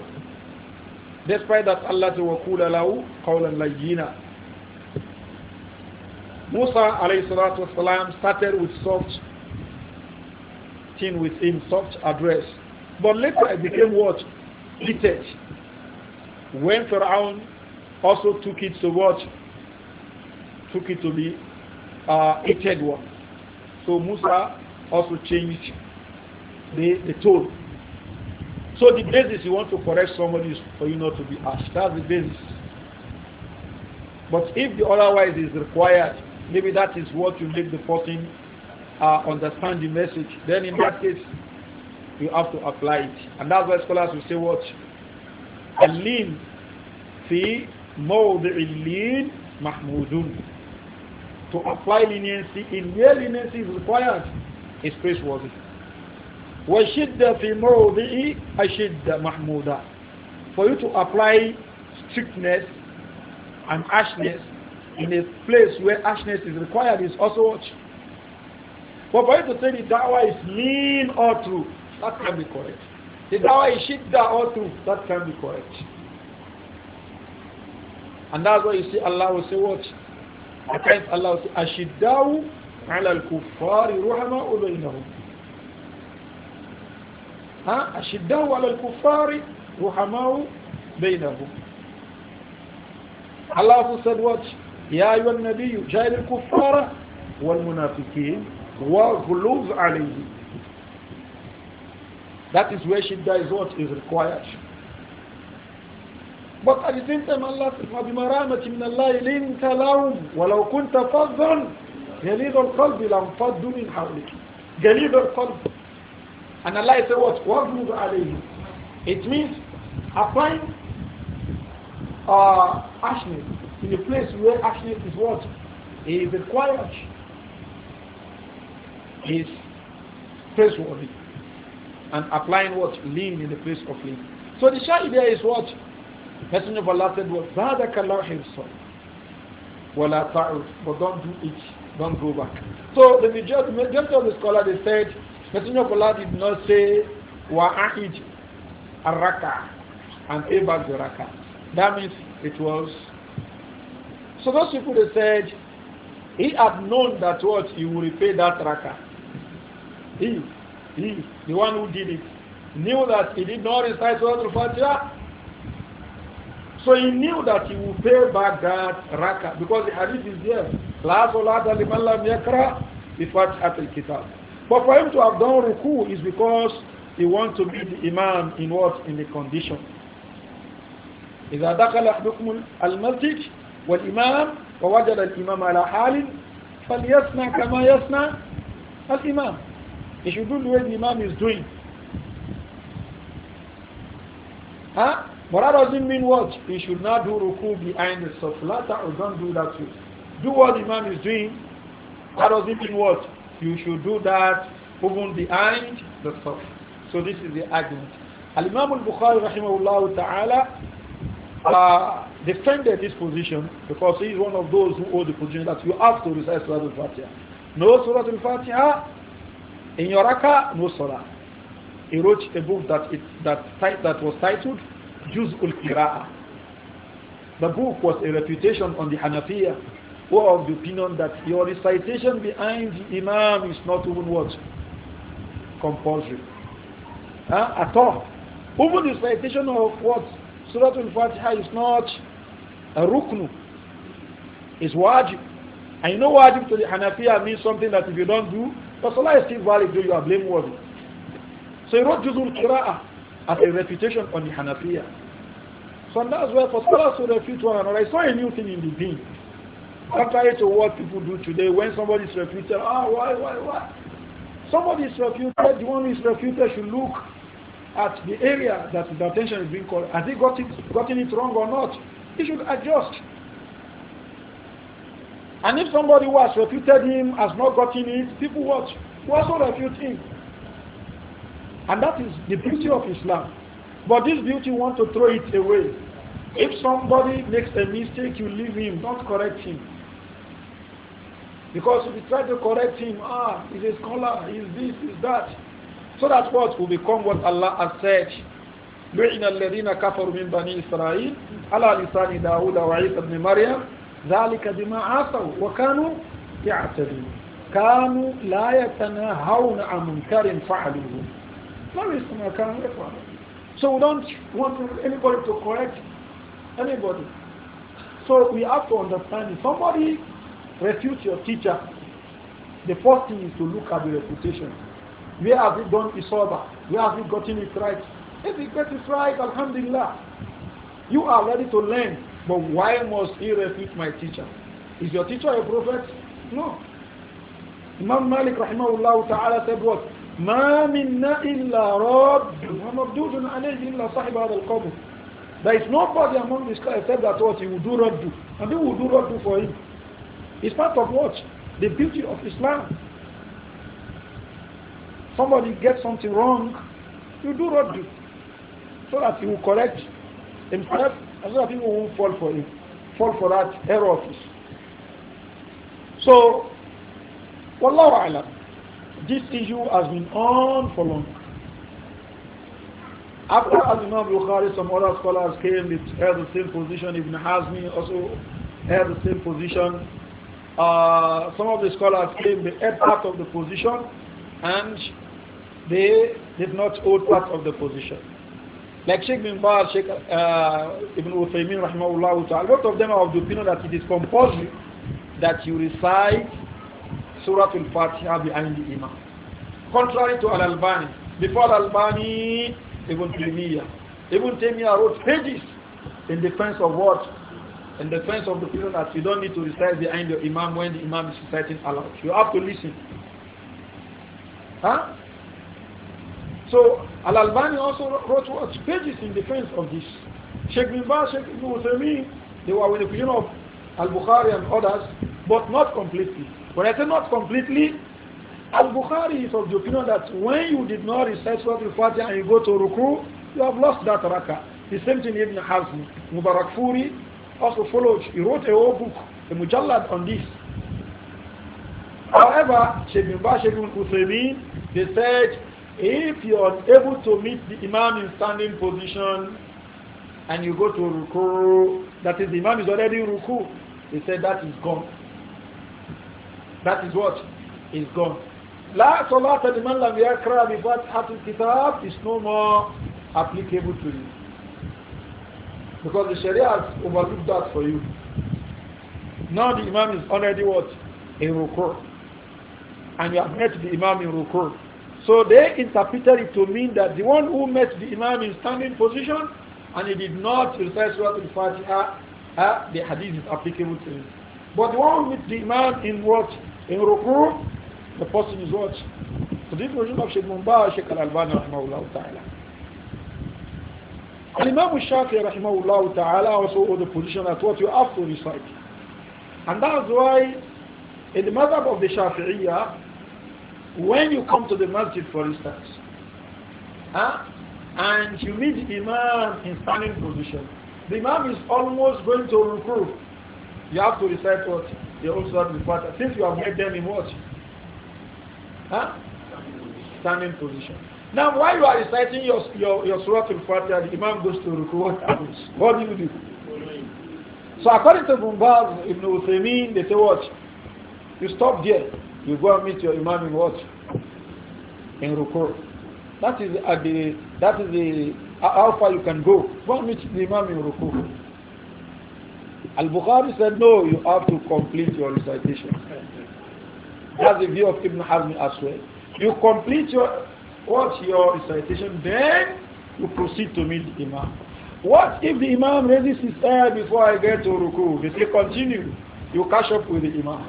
Despite that Allah وَقُولَ لَهُ قَوْلًا لَيِّنًا Musa alayhi والسلام, started with soft thing with him, soft address. But later it became what? Heated. When Pharaoh also took it to what? Took it to be uh, hated one. So Musa also changed the, the tone. So the basis you want to correct somebody is for you not to be asked. That's the basis. But if the otherwise is required, maybe that is what you make the person uh, understand the message. Then in that case, you have to apply it. And that's why scholars will say what? Alin fi mawdiil mahmudun to apply leniency in where leniency is required is praiseworthy. وَشِدَّ فِي مَوْضِئِ أَشِدَّ مَحْمُودًا For you to apply strictness and harshness in a place where harshness is required is also what? But for you to say the dawah is mean or true, that can be correct. The dawah is shidda or true, that can be correct. And that's why you see Allah will say what? Because Allah says, Ashiddau ala al-kuffari ruhama ubaynahum. Ashiddau ala al-kuffari ruhamau baynahum. Allah also said what? يا أيها النبي جاهد الكفار والمنافقين وغلوظ عليهم That is where shidda is what is required. But at the same وَبِمَرَامَةٍ مِنَ اللَّهِ لِنْتَ لَهُمْ وَلَوْ كُنْتَ فَضًّا غَلِيظَ الْقَلْبِ i n i s لَانْفَضُّ مِنْ حَوْلِكَ غَلِيظَ الْقَلْبِ w o r Allah said what? عَلَيْهِ It means applying uh, ashness in a place where ashness is what? Is required. Is praiseworthy. And applying what? Lean in the place of lean. So the shahidiyah is what? Messenger of Allah said, وَزَادَكَ اللَّهُ حِرْصًا وَلَا تَعُدْ But don't do it. Don't go back. So the majority, of the scholars, they said, Messenger of Allah did not say, وَأَعِدْ Raka and pay the raka. That means it was. So those people, they said, he had known that what he would repay that raka. He, he, the one who did it, knew that he did not recite Surah Al-Fatiha so he knew that he would pay back that raka because the hadith is there. La solata liman lam yakra bifatihat al-kitab. But for him to have done ruku is because he wants to be the imam in what? In the condition. إذا دخل أحدكم المسجد والإمام ووجد imam على حال فليصنع كما يصنع الإمام. He should do the way the imam is doing. Huh? But that doesn't mean what? He should not do ruku behind the saflata or don't do that too. Do what the man is doing. That doesn't mean what? You should do that even behind the surah. So this is the argument. Al-Imam al-Bukhari rahimahullah ta'ala uh, defended this position because he is one of those who hold the position that you have to recite Surah al-Fatiha. No Surah al-Fatiha, in your raka, no Surah. He wrote a book that, it, that, that was titled Juz'ul Qira'ah. The book was a reputation on the Hanafiya, who of the opinion that your recitation behind the Imam is not even what? Compulsory. Huh? At all. Even recitation of what? Surah Al-Fatiha is not a ruknu. It's wajib. And you know wajib to the Hanafiya means something that if you don't do, the salah is still valid, though you are blameworthy. So he wrote Juzul Qira'ah as a reputation on the Hanafiya. So that's why for scholars to refute one another, saw a new thing in the deen. Contrary to what people do today, when somebody is refuted, ah, oh, why, why, why? Somebody is refuted, the one who is refuted should look at the area that the attention is being called. Has he got it, gotten it wrong or not? He should adjust. And if somebody who has refuted him has not gotten it, people watch. Who also refute him? And that is the beauty of Islam. But this beauty, want to throw it away. If somebody makes a mistake, you leave him, not correct him. Because if you try to correct him, ah, he's a scholar, he's this, he's that. So that what will become what Allah has said. لعن الذين كفروا من بني إسرائيل على لسان داود وعيسى بن مريم ذلك بما عصوا وكانوا يعتدون كانوا لا يتناهون عن منكر فعلوه not based on Akram Ikhwan. So we don't want anybody to correct anybody. So we have to understand if somebody refutes your teacher, the first thing is to look at the reputation. Where have you done Isoba? Where have you gotten it right? If you get it right, Alhamdulillah. You are ready to learn, but why must he refute my teacher? Is your teacher a prophet? No. Imam Malik rahimahullah ta'ala said what? ما منا إلا رد ومردود عليه إلا صاحب هذا القبر There is nobody among this class except that what he will do raddu. And people will do raddu for him. It's part of what? The beauty of Islam. Somebody gets something wrong, you do raddu. So that he will correct himself and so that people won't fall for him, fall for that error of his. So, Wallahu A'lam this issue has been on for long. After Imam Bukhari, some other scholars came, they held the same position. Ibn Hazmi also held the same position. Uh, some of the scholars came, they held part of the position, and they did not hold part of the position. Like Sheikh bin Baal, Sheikh uh, Ibn Uthaymin, a both of them are of the opinion that it is compulsory that you recite Surah Al-Fatiha behind the Imam. Contrary to Al-Albani, before Al-Albani, Ibn Taymiyyah. Ibn Taymiyyah wrote pages in defense of what? In defense of the people that you don't need to recite behind the Imam when the Imam is reciting aloud. You have to listen. Huh? So Al-Albani also wrote what? pages in defense of this. Sheikh bin Baz, Sheikh Ibn Uthaymeen, they were with the opinion of Al-Bukhari and others, but not completely. But I say not completely. Al-Bukhari is of the opinion that when you did not recite Surah Al-Fatiha and you go to Ruku, you have lost that raka. The same thing Ibn Hazm, Mubarak Furi also followed. He wrote a whole book, a mujallad on this. However, Sheikh bin Ba, they said, if you are able to meet the Imam in standing position and you go to Ruku, that is, the Imam is already in Ruku, they said that is gone. That is what is gone. لا صلاة لمن لم يقرأ بفاتحة Kitab is no more applicable to you. Because the Sharia has overlooked that for you. Now the Imam is already what? In Rukur. And you have met the Imam in Rukur. So they interpreted it to mean that the one who met the Imam in standing position and he did not recite Surah Al-Fatiha, uh, the hadith is applicable to him. But the one with the Imam in what? In ruku, the person is what? So this version of Sheikh Mumba, Sheikh Al-Albani, rahimahullah ta'ala. Imam Shafi rahimahullah ta'ala also hold the position that what you have to recite. And that's why in the madhab of the Shafi'iyah, when you come to the masjid for instance, huh, and you meet the Imam in standing position, the Imam is almost going to recruit. You have to recite what? They also have the father. Since you have made them in what? Huh? Standing position. Now, while you are reciting your your, your surah al-Fatiha, the imam goes to ruku. What happens? What do you do? So, according to Bumbaz Ibn Uthaymeen, they say what? You stop there. You go and meet your imam in what? In ruku. That is at the that is the how far you can go. Go and meet the imam in ruku. Al-Bukhari said, no, you have to complete your recitation. That's the view of Ibn Hazm as well. You complete your what's your recitation, then you proceed to meet the Imam. What if the Imam raises his hand before I get to Ruku? They say continue. You catch up with the Imam.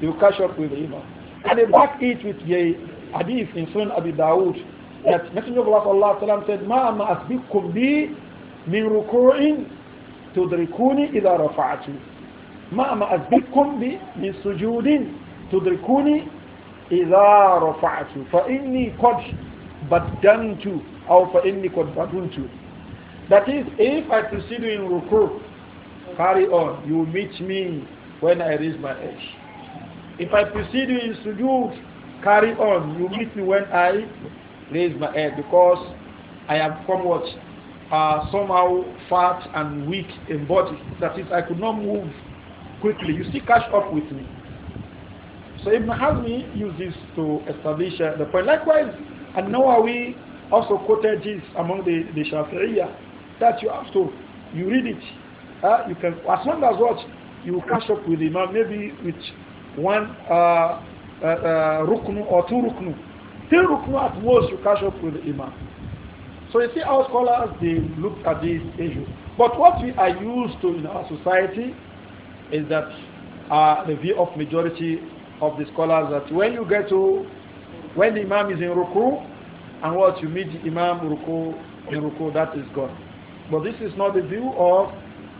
You catch up with the Imam. And they back it with the hadith in Sunan Abi Dawud that Messenger of Allah said, Ma ma asbikum bi min ruku'in تدركوني إذا رفعت ما ما أسبقكم من سجود تدركوني إذا رفعت فإني قد بدنت أو فإني قد بدنت That is, if I proceed in ruku, carry on, you meet me when I raise my head. If I proceed in sujood, carry on, you meet me when I raise my head because I have come what? are somehow fat and weak in body. That is, I could not move quickly. You still catch up with me. So Ibn Hazmi used this to establish uh, the point. Likewise, and Nawawi also quoted this among the, the Shafi'iyah that you have to, you read it. Uh, you can, as long as what, you catch up with the Imam, uh, maybe with one uh, uh, uh, ruknu or two ruknu. Three ruknu at most you catch up with the Imam. So you see how scholars they look at these issues. But what we are used to in our society is that uh, the view of majority of the scholars that when you get to when the imam is in ruku and what you meet the imam ruku in ruku that is gone. But this is not the view of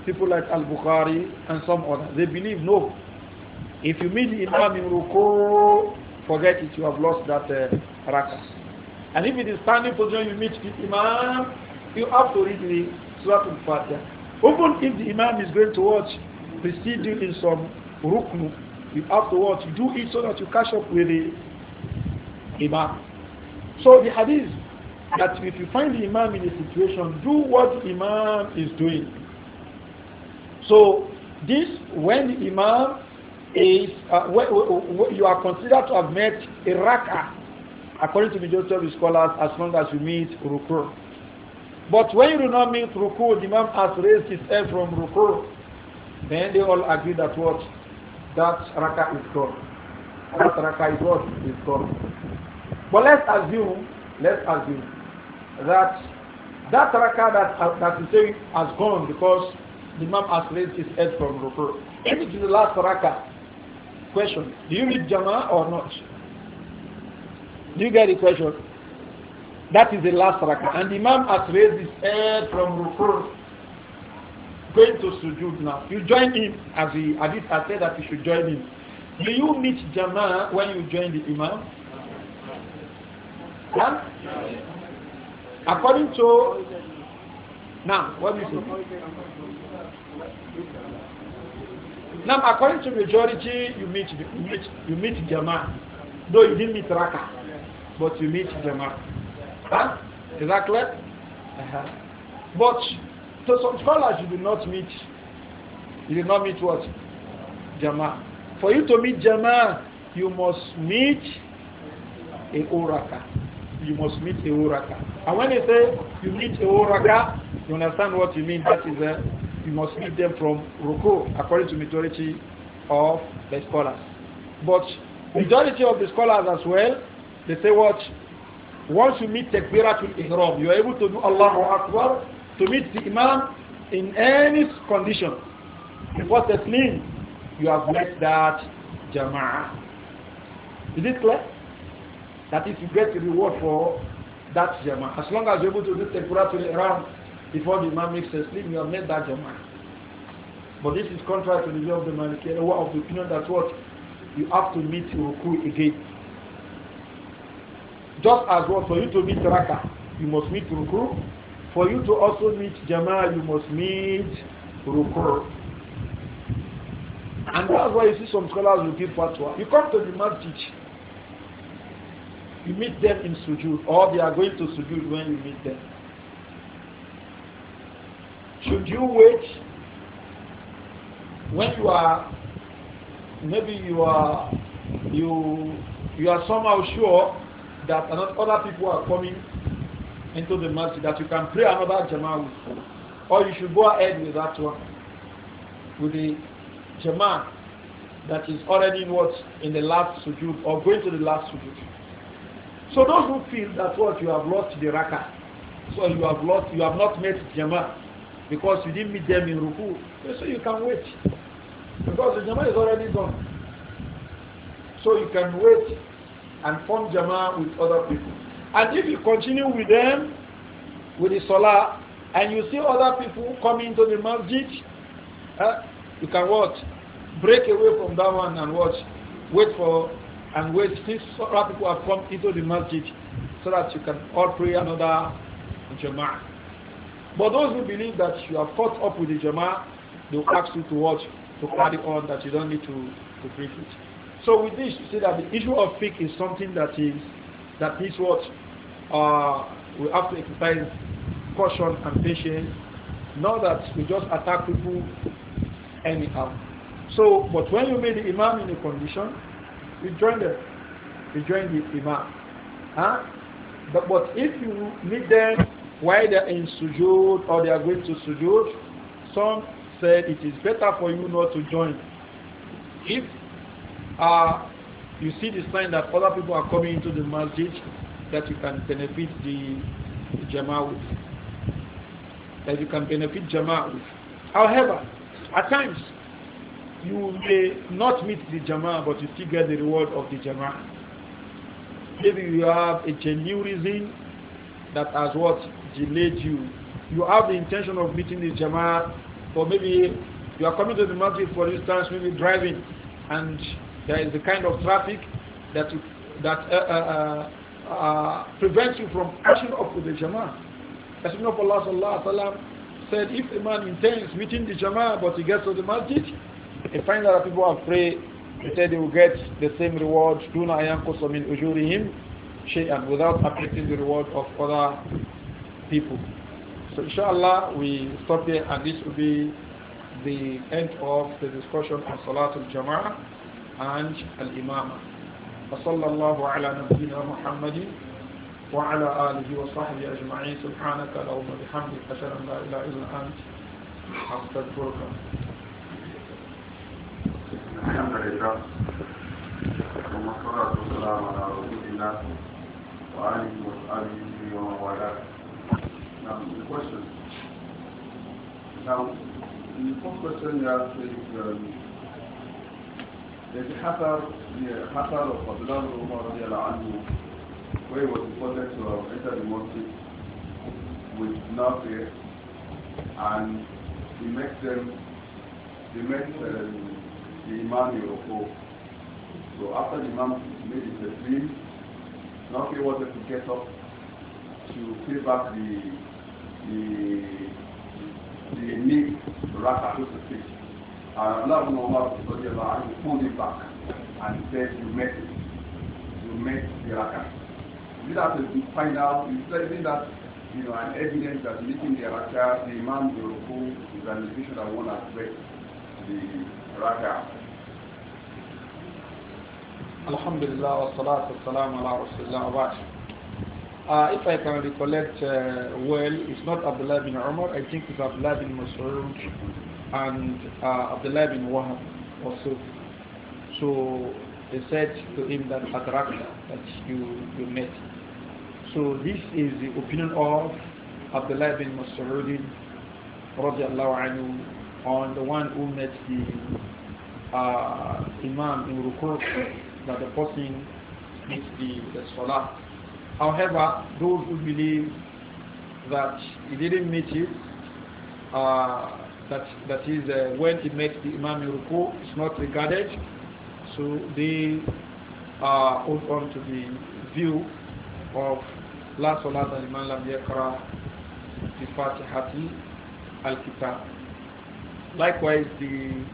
people like Al Bukhari and some others. They believe no. If you meet the imam in ruku, forget it. You have lost that uh, rakah. And if it is standing position, you meet the Imam, you have to read the Surah Al-Fatiha. Even if the Imam is going to watch, precede you in some ruknu, you have to watch, you do it so that you catch up with the Imam. So the hadith that if you find the Imam in a situation, do what the Imam is doing. So this, when the Imam is, uh, you are considered to have met a rak'ah according to majority of the scholars, as long as you meet ruku. But when you do not meet ruku, the Imam has raised his head from ruku, then they all agree that what? That raka is gone. That raka is what? Is gone. But let's assume, let's assume that that raka that, uh, that is saying has gone because the Imam has raised his head from ruku. If it is the last raka, question, do you meet Jama or not? Do you get the question? That is the last rakah. And the Imam has raised his head from rukur, going to sujud now. You join him, as as it has said that you should join him. Do you meet Jama'ah when you join the Imam? What? According to. Now, what do you say? Now, according to majority, you meet, you meet, you meet Jama'ah, though you didn't meet Raka but you meet Jama, Huh? Is that clear? Uh -huh. But to some scholars, you do not meet, you do not meet what? Jama. For you to meet Jama, you must meet a Uraka. You must meet a Uraka. And when they say you meet a Uraka, you understand what you mean. That is, uh, you must meet them from Ruku, according to majority of the scholars. But majority of the scholars as well, they say what? Once you meet Takbiratul Ihram, you are able to do Allahu Akbar to meet the Imam in any condition. Before Taslim, you have met that Jama'ah. Is it clear? That is, you get the reward for that Jama'ah. As long as you're able to do Takbiratul Ihram before the Imam makes Taslim, you have met that Jama'ah. But this is contrary to the view of the Malikiyah, of the opinion that what? You have to meet Ruku again. Just as well for you to meet Raka, you must meet Ruku. For you to also meet Jama, you must meet Ruku. And that's why you see some scholars will give fatwa. You come to the masjid, you meet them in sujud, or they are going to sujud when you meet them. Should you wait when you are maybe you are you you are somehow sure that other people are coming into the masjid that you can pray another jama'ah with. Or you should go ahead with that one, with the jama'ah that is already in what in the last sujood or going to the last sujood. So those who feel that what you have lost the raka, so you have lost, you have not met jama'ah because you didn't meet them in ruku, so you can wait because the jama'ah is already done. So you can wait and form jama'ah with other people. And if you continue with them, with the salah, and you see other people coming into the masjid, uh, you can watch, break away from that one and watch, wait for, and wait till other people have come into the masjid, so that you can all pray another jama'ah. But those who believe that you are caught up with the jama'ah, they will ask you to watch, to carry on, that you don't need to, to preach it. So with this, you see that the issue of fiqh is something that is that is what uh, we have to exercise caution and patience, not that we just attack people anyhow. So, but when you meet the imam in a condition, you join them, you join the imam. Huh? But, but if you meet them while they are in sujood or they are going to sujood, some said it is better for you not to join. If uh, you see the sign that other people are coming into the masjid that you can benefit the, the jama'ah with. That you can benefit jama'ah with. However, at times, you may not meet the jama'ah, but you still get the reward of the jama'ah. Maybe you have a genuine reason that has what delayed you. You have the intention of meeting the jama'ah, or maybe you are coming to the masjid, for instance, maybe driving, and there is the kind of traffic that, that uh, uh, uh, uh, prevents you from catching up with the Jama'ah. As of Allah sallallahu sallam, said, if a man intends meeting the Jama'ah but he gets to the masjid, he finds that people are afraid. he said they will get the same reward, دُونَ أَيَنْقُصَ مِنْ أُجُورِهِمْ without affecting the reward of other people. So inshallah we stop here and this will be the end of the discussion on Salatul Jama'ah. and الإمامة imama وصلى الله على نبينا محمد وعلى آله وصحبه أجمعين سبحانك اللهم وبحمدك أشهد أن لا إله إلا أنت أستغفرك الحمد لله ثم الصلاة والسلام على رسول الله وآله وصحبه ومن والاه Now the question. Now the first question you asked is um, There's a Hassar, the Hassar of Abdullah Umar where he was reported to have entered the mosque with Nafir and he met them, he met um, the Imam Yoroko. So after the Imam made his appeal, Nafir wanted to get up to pay back the the the need to rack up to speak. I Abdullah ibn Umar pulled him back and said, You met it. You met the Iraqis. Is that a final, is that you know, an evidence that meeting the Iraqis, the Imam Yoroku is an official that one has read the Iraqis? Alhamdulillah wa salatu wa salam ala Rasulullah wa uh, if I can recollect uh, well, it's not Abdullah bin Umar, I think it's Abdullah bin Mas'ud and uh, Abdullah bin Wahab also. So they said to him that Adrakta, that you, you met. So this is the opinion of Abdullah bin Mas'udin on the one who met the uh, Imam in Rukur that the person makes the, the Salah. However, those who believe that he didn't meet it, uh, that, that is uh, when he makes the Imam Ruku, it's not regarded. So they uh, hold on to the view of La Salat al-Iman lam yakra bi Fatihati al-Kitab. Likewise, the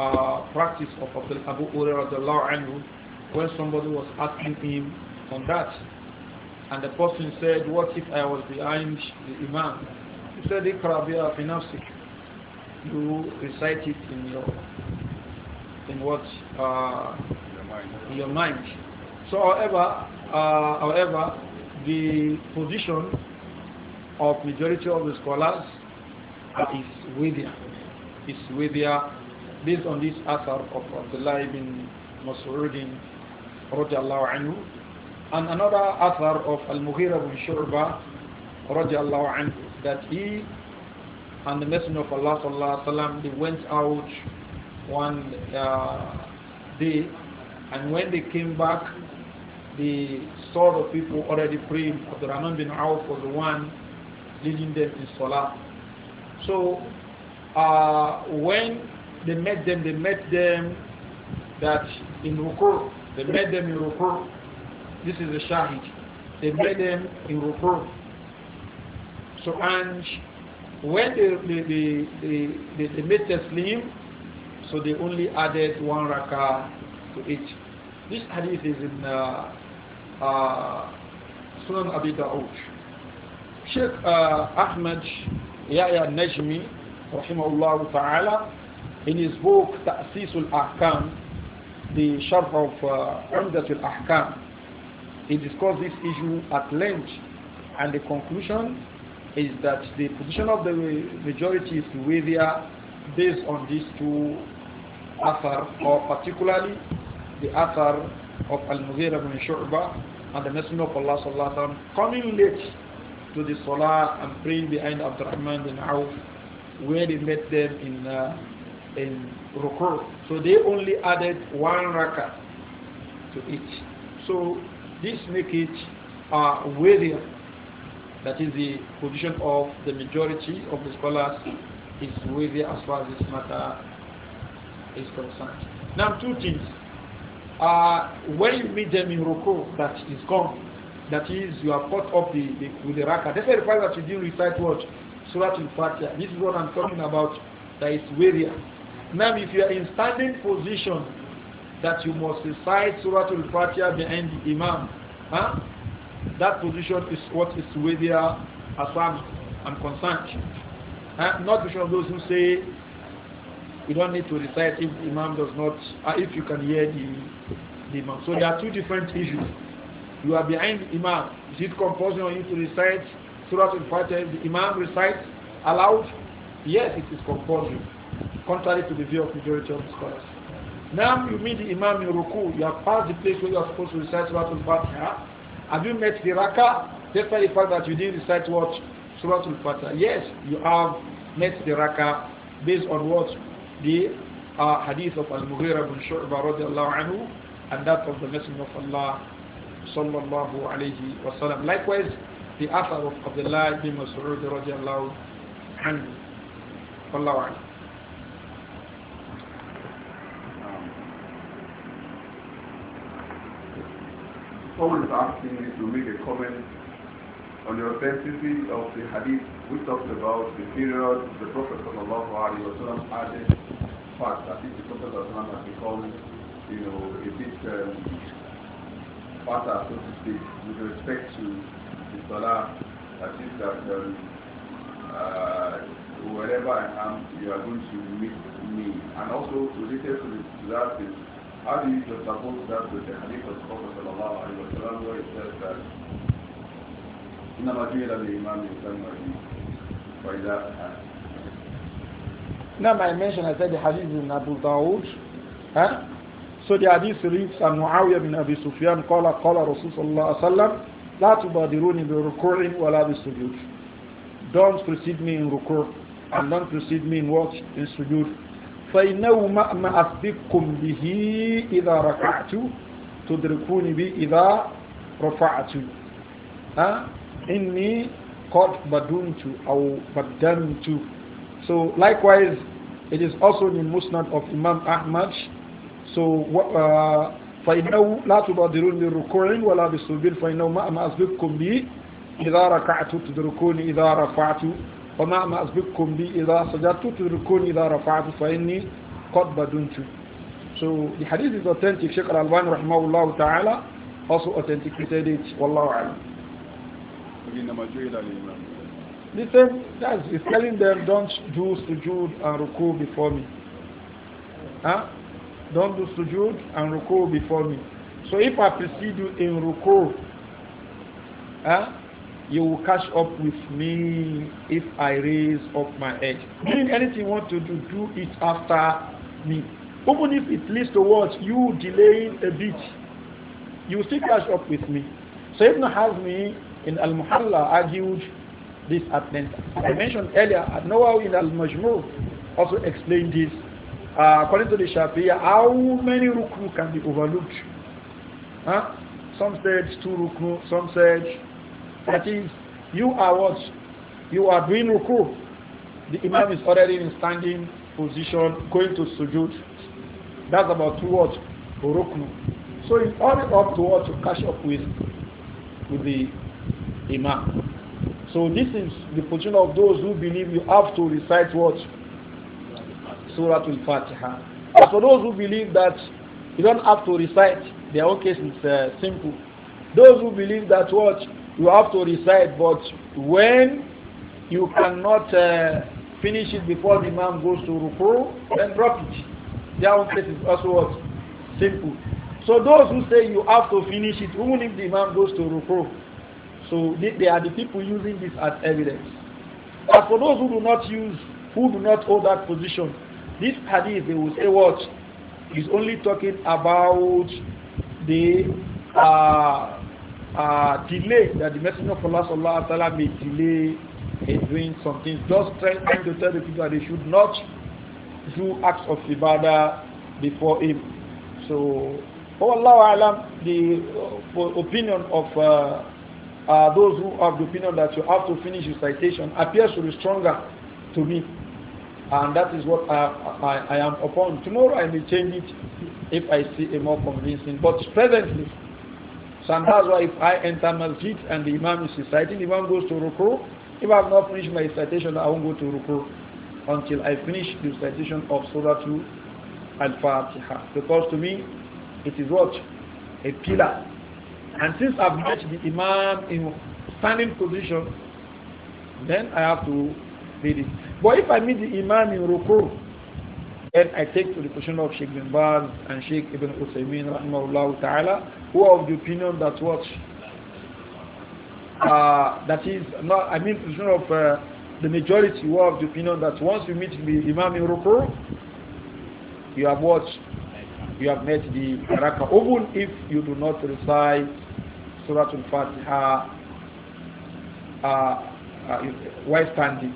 uh, practice of Abu al anhu when somebody was asking him on that, and the person said, what if I was behind the Imam? He said, اقرأ بها في you recite it in your in what uh, in your mind. So, however, uh, however, the position of majority of the scholars is Widya. Is Widya based on this author of Abdullah ibn Mas'udin radiallahu anhu and another author of Al-Mughira ibn Shu'ba radiallahu anhu that he and the Messenger of Allah sallallahu alaihi wasallam they went out one uh, day, and when they came back, they saw the people already praying. Abdurrahman bin Auf was the one leading them in salah. So uh, when they met them, they met them that in rukur. They met them in rukur. This is the shahid. They met them in rukur. So and when the the the the they made so they only added one rakah to each. This hadith is in uh, uh, Sunan Abi Dawud. Sheikh uh, Ahmad Yahya Najmi, rahimahullah ta'ala, in his book Ta'sis al-Ahkam, the Sharf of uh, al-Ahkam, he discussed this issue at length and the conclusion is that the position of the majority is wavier based on these two athar, or particularly the athar of Al-Mughira ibn Shu'bah and the Messenger of Allah sallallahu wa wasallam coming late to the salah and praying behind Abdurrahman bin Auf where they met them in uh, in Rukur. So they only added one raka to each. So this makes it uh, weightier that is the position of the majority of the scholars is worthy as far as this matter is concerned. Now, two things. Uh, when you meet them in Roko, that is gone. That is, you are caught up the, the, with the Raka. That's the fact that you didn't recite what? Surah Al-Fatiha. This is what I'm talking about, that is warrior. Now, if you are in standing position, that you must recite Surah Al-Fatiha behind the Imam, huh? that position is what is weightier as far as I'm concerned. Uh, not the of those who say we don't need to recite if the Imam does not, uh, if you can hear the, the Imam. So there are two different issues. You are behind the Imam. Is it compulsory on you to recite Surah Al-Fatiha? The Imam recites aloud? Yes, it is compulsory, contrary to the view of majority of the scholars. Now you meet the Imam in Ruku, you have passed the place where you are supposed to recite Surah Al-Fatiha. Have you met the raka? Despite the fact that you didn't recite what? Surah Al-Fatah. Yes, you have met the raka based on what? The uh, hadith of Al-Mughira bin Shu'ba radiallahu anhu and that of the Messenger of Allah sallallahu alayhi wa sallam. Likewise, the author of Abdullah bin Mas'ud radiallahu anhu. Wallahu anhu. someone is asking me to make a comment on the authenticity of the hadith we talked about the period the Prophet ﷺ added fact I think the Prophet ﷺ has become, you know, a bit um, fatter, so to speak, with respect to the Salah. I think that um, uh, wherever I am, you are going to meet me. And also related to, to that is how do you juxtapose that with the hadith of Prophet sallallahu alaihi wasallam where it says that إنما جئنا للإمام يسمى فإذا Now I mentioned, I said the hadith in Abu Dawood. Huh? So the hadith reads, عن معاوية بن أبي سفيان قال قال رسول صلى الله عليه وسلم لا تبادروني بركوع ولا بالسجود. Don't precede me in rukur and don't precede me in what? In sujud. فإنه ما أثقكم به إذا ركعت تدركوني به إذا رفعت ها إني قد بدنت أو بدنت So likewise, it is also in Musnad of Imam Ahmad. So uh, فإنه لا تبادرون بالركوع ولا بالسجود فإنه ما أسبقكم به إذا ركعت تدركوني إذا رفعت وما بي إذا سجدت تدركون إذا رفعت فإني قد بدنت So the hadith is authentic. Sheikh Al-Albani rahimahullah ta'ala also authenticated it. Wallahu alam. that's, he's telling them, don't do sujood and ruku before me. Huh? Don't do sujood and ruku before me. So if I precede you in ruku, huh? you will catch up with me if I raise up my head. Doing anything you want to do, do it after me. Even if it leads towards you delaying a bit, you still catch up with me. So Ibn Hazmi in Al-Muhalla argued this at length. I mentioned earlier, Noah in Al-Majmu also explained this. Uh, according to the Shafi'iyah, how many ruku can be overlooked? Huh? Some said two ruku, some said that is, you are what? You are doing ruku. The imam is already in standing position, going to sujud. That's about two words, ruknu. So it's only up to what to catch up with, with the imam. So this is the position of those who believe you have to recite what? Surah Al-Fatiha. As for those who believe that you don't have to recite, their own case is uh, simple. Those who believe that what you have to recite, but when you cannot uh, finish it before the imam goes to ruku, then drop it. Their own is also what? Simple. So those who say you have to finish it, even if the imam goes to ruku, so they, they are the people using this as evidence. As for those who do not use, who do not hold that position, this hadith, they will say what? Is only talking about the uh, uh, delay that the Messenger of Allah sallallahu alaihi wasallam may delay in doing something. Just trying to tell the people that they should not do acts of ibadah before him. So, oh Allah alam, the uh, opinion of uh, uh, those who have the opinion that you have to finish citation appears to be stronger to me. And that is what I, I, I am upon. Tomorrow I may change it if I see a more convincing. But presently, Sometimes, that's why if I enter masjid and the imam is reciting, the imam goes to ruku. If I have not finished my recitation, I won't go to ruku until I finish the recitation of Surah 2 Al-Fatiha. Because to me, it is what? A pillar. And since I've met the imam in standing position, then I have to read it. But if I meet the imam in ruku, and I take to the position of Sheikh bin Baz and Sheikh Ibn Uthaymeen rahimahullah ta'ala, who are of the opinion that what, uh, that is, not, I mean position of uh, the majority who are of the opinion that once you meet the Imam in Ruku, you have what? You have met the Raka, even if you do not recite Surah Al-Fatiha uh, uh, while standing.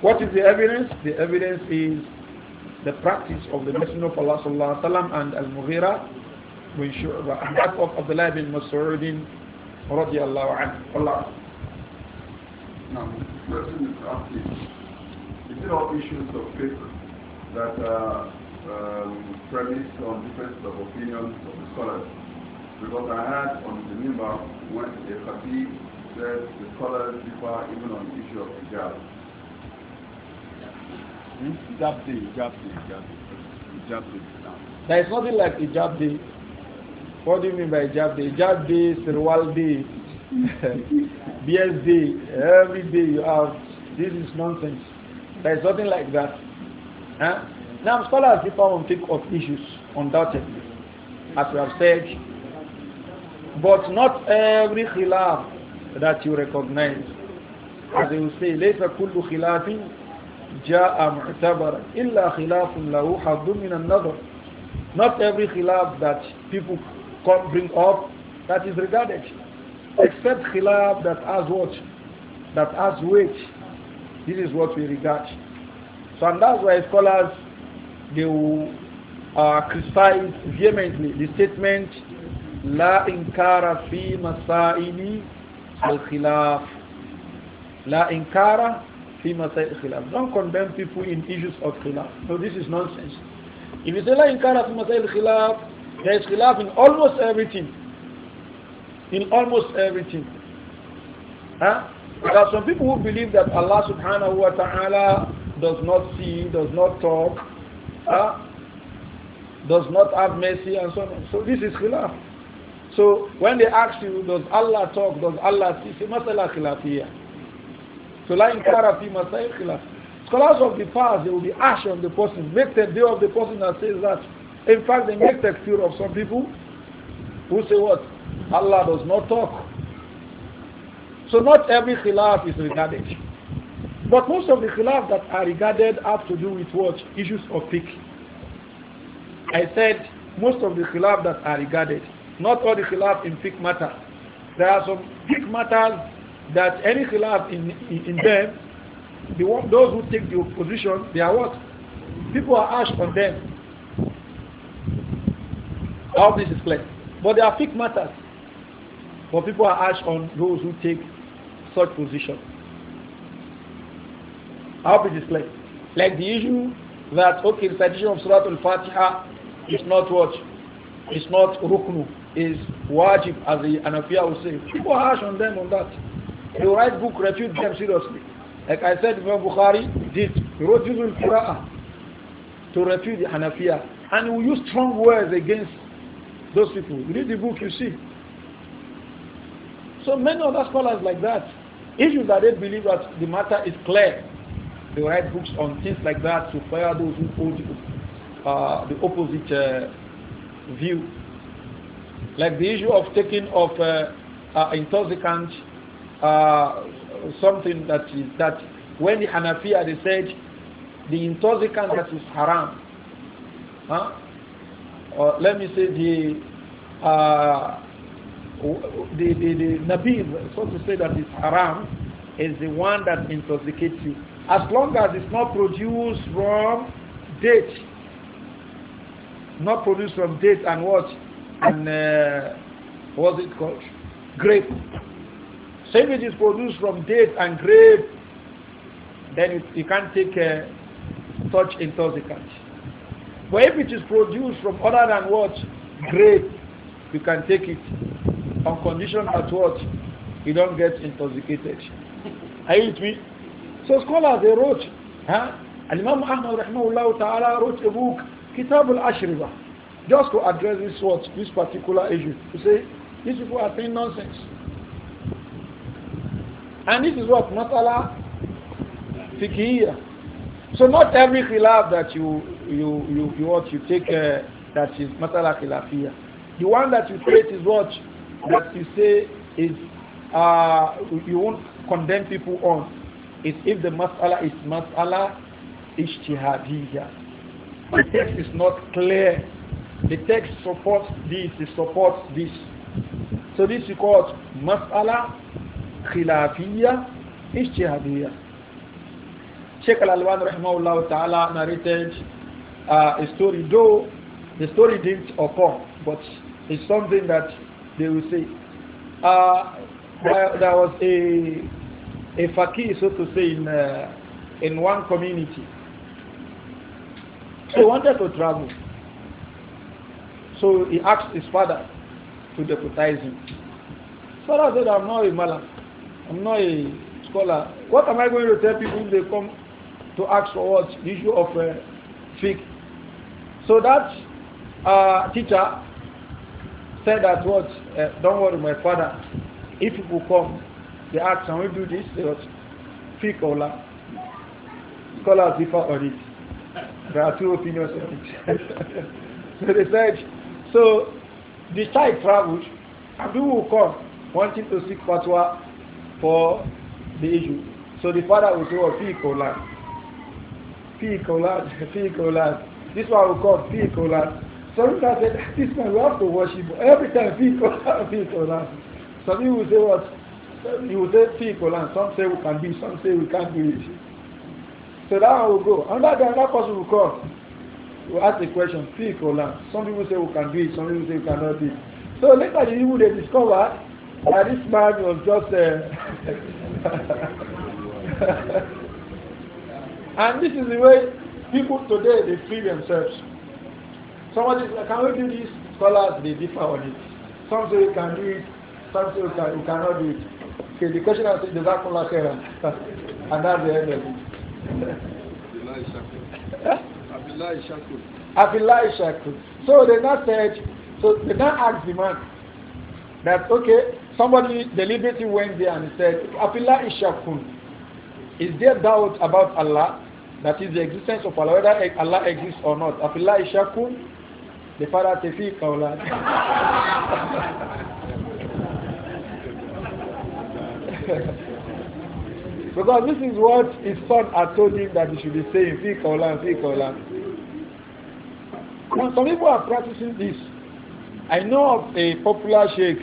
What is the evidence? The evidence is the practice of the Messenger of Allah sallallahu alaihi wasallam and Al-Mughira bin Shu'bah and that of Abdullah bin Mas'ud radiyallahu anhu. Allah. Now, question is asking, is there all issues of faith that are uh, um, premised on differences of opinions of the scholars? Because I had on the member when a khatib said the scholars differ even on the issue of hijab. Hmm? Hijab day, hijab day, hijab day. Hijab day There is nothing like hijab day. What do you mean by hijab day? Hijab day, Sirwal day, BS day, every day you have. This is nonsense. There is nothing like that. Huh? Now scholars differ on think of issues, undoubtedly, as we have said. But not every khilaf that you recognize. As you say, later kullu khilafin جاء معتبرا إلا خلاف له حظ من النظر not every khilaf that people bring up that is regarded except khilaf that has what that has weight this is what we regard so and that's why scholars they will uh, criticize vehemently the statement لا إنكار في مسائل الخلاف لا إنكار في مسائل khilaf. don't condemn people in issues of khilaf no this is nonsense if you say لا إنكار must say khilaf, there is khilaf in almost everything in almost everything huh? there are some people who believe that Allah subhanahu wa ta'ala does not see does not talk huh? does not have mercy and so on so this is khilaf so when they ask you does Allah talk does Allah see say khilafiyah Scholars of the past, there will be ash on the person, make the day of the person that says that. In fact, they make the fear of some people who say what? Allah does not talk. So not every khilaf is regarded. But most of the khilaf that are regarded have to do with what? Issues of fiqh. I said most of the khilaf that are regarded. Not all the khilaf in fiqh matter. There are some fiqh matters that any khilaf in, in, in them, the, those who take the position, they are what? People are asked on them. All this is clear. But there are fixed matters. But people are asked on those who take such position. How this it is clear. Like the issue that, okay, recitation of Surah Al-Fatiha is not what? It's not ruknu. It's wajib, as the Anafiya will say. People are harsh on them on that. He will write book, refute them seriously. Like I said, Imam Bukhari did. He wrote Juzul Qura'ah to refute the Hanafiya. And he use strong words against those people. You read the book, you see. So many other scholars like that, issues that they believe that the matter is clear, they write books on things like that to fire those who hold uh, the opposite uh, view. Like the issue of taking of uh, uh intoxicants uh, something that is that when the Hanafiya they said the intoxicant that is haram, huh? let me say the uh, the the, the nabib, so to say that is haram, is the one that intoxicates you. As long as it's not produced from date, not produced from date and what and uh, what's it called, grape Selvage is produced from date and grape, then you can't take a uh, touch intoxicant. But if it is produced from other than what? Grape, you can take it on condition that what? You don't get intoxicated. Are you with me? So scholars, they wrote, huh? Imam Ahmad rahimahullah ta'ala wrote a book, Kitab al-Ashriba, just to address this, what, this particular issue. To say, these people are saying nonsense. And this is what Matala Fiqhiyya. So not every khilaf that you you you, you what you take uh, that is Matala Khilafiyya. The one that you create is what that you say is uh, you won't condemn people on is if the mas'ala is mas'ala ijtihadiyya. The text is not clear. The text supports this, it supports this. So this is called mas'ala khilafiyya, ijtihadiyya. Sheikh Al-Alwan rahimahullah ta'ala narrated uh, a story, though the story didn't occur, but it's something that they will say. Uh, there, was a a fakir, so to say, in uh, in one community. So he wanted to travel. So he asked his father to deputize him. Father said, "I'm not a malam. I'm not a scholar. What am I going to tell people they come to ask for what? The issue of uh, So that uh, teacher said that what? Uh, don't worry, my father. If people come, they ask, can we do this? They was scholar or Scholars differ on it. There are two opinions on it. so they said, so the child traveled, and people will come wanting to seek fatwa for the issue. So the father will say, well, Fikolas. Fikolas, Fikolas. This one we call Fikolas. Some people said, this man we have to worship every time Fikolas, Fikolas. Some people will say what? You will say Fikolas. Some say we can do, it. some say we can't do it. So that one will go. Another, that person will call. We ask the question, Fikolas. Some people say we can do it, some people say we cannot do it. So later the people they discover and uh, this man was just. Uh, and this is the way people today they free themselves. Somebody can we do this? Scholars they differ on it. Some say you can do it, some say you, can, you cannot do it. Okay, the question is does that come like uh, And that's the end of it. Abilai Shakur. Abilai Shakur. So they now said, so they now asked the man that okay, Somebody deliberately went there and said, Afillah Ishakun, is there doubt about Allah? That is the existence of Allah, whether Allah exists or not. Afillah Ishakun, the father Tefi Kaulat. because this is what his son had told him that he should be saying, Fi Kaulan, Fi Kaulan. some people are practicing this. I know of a popular sheikh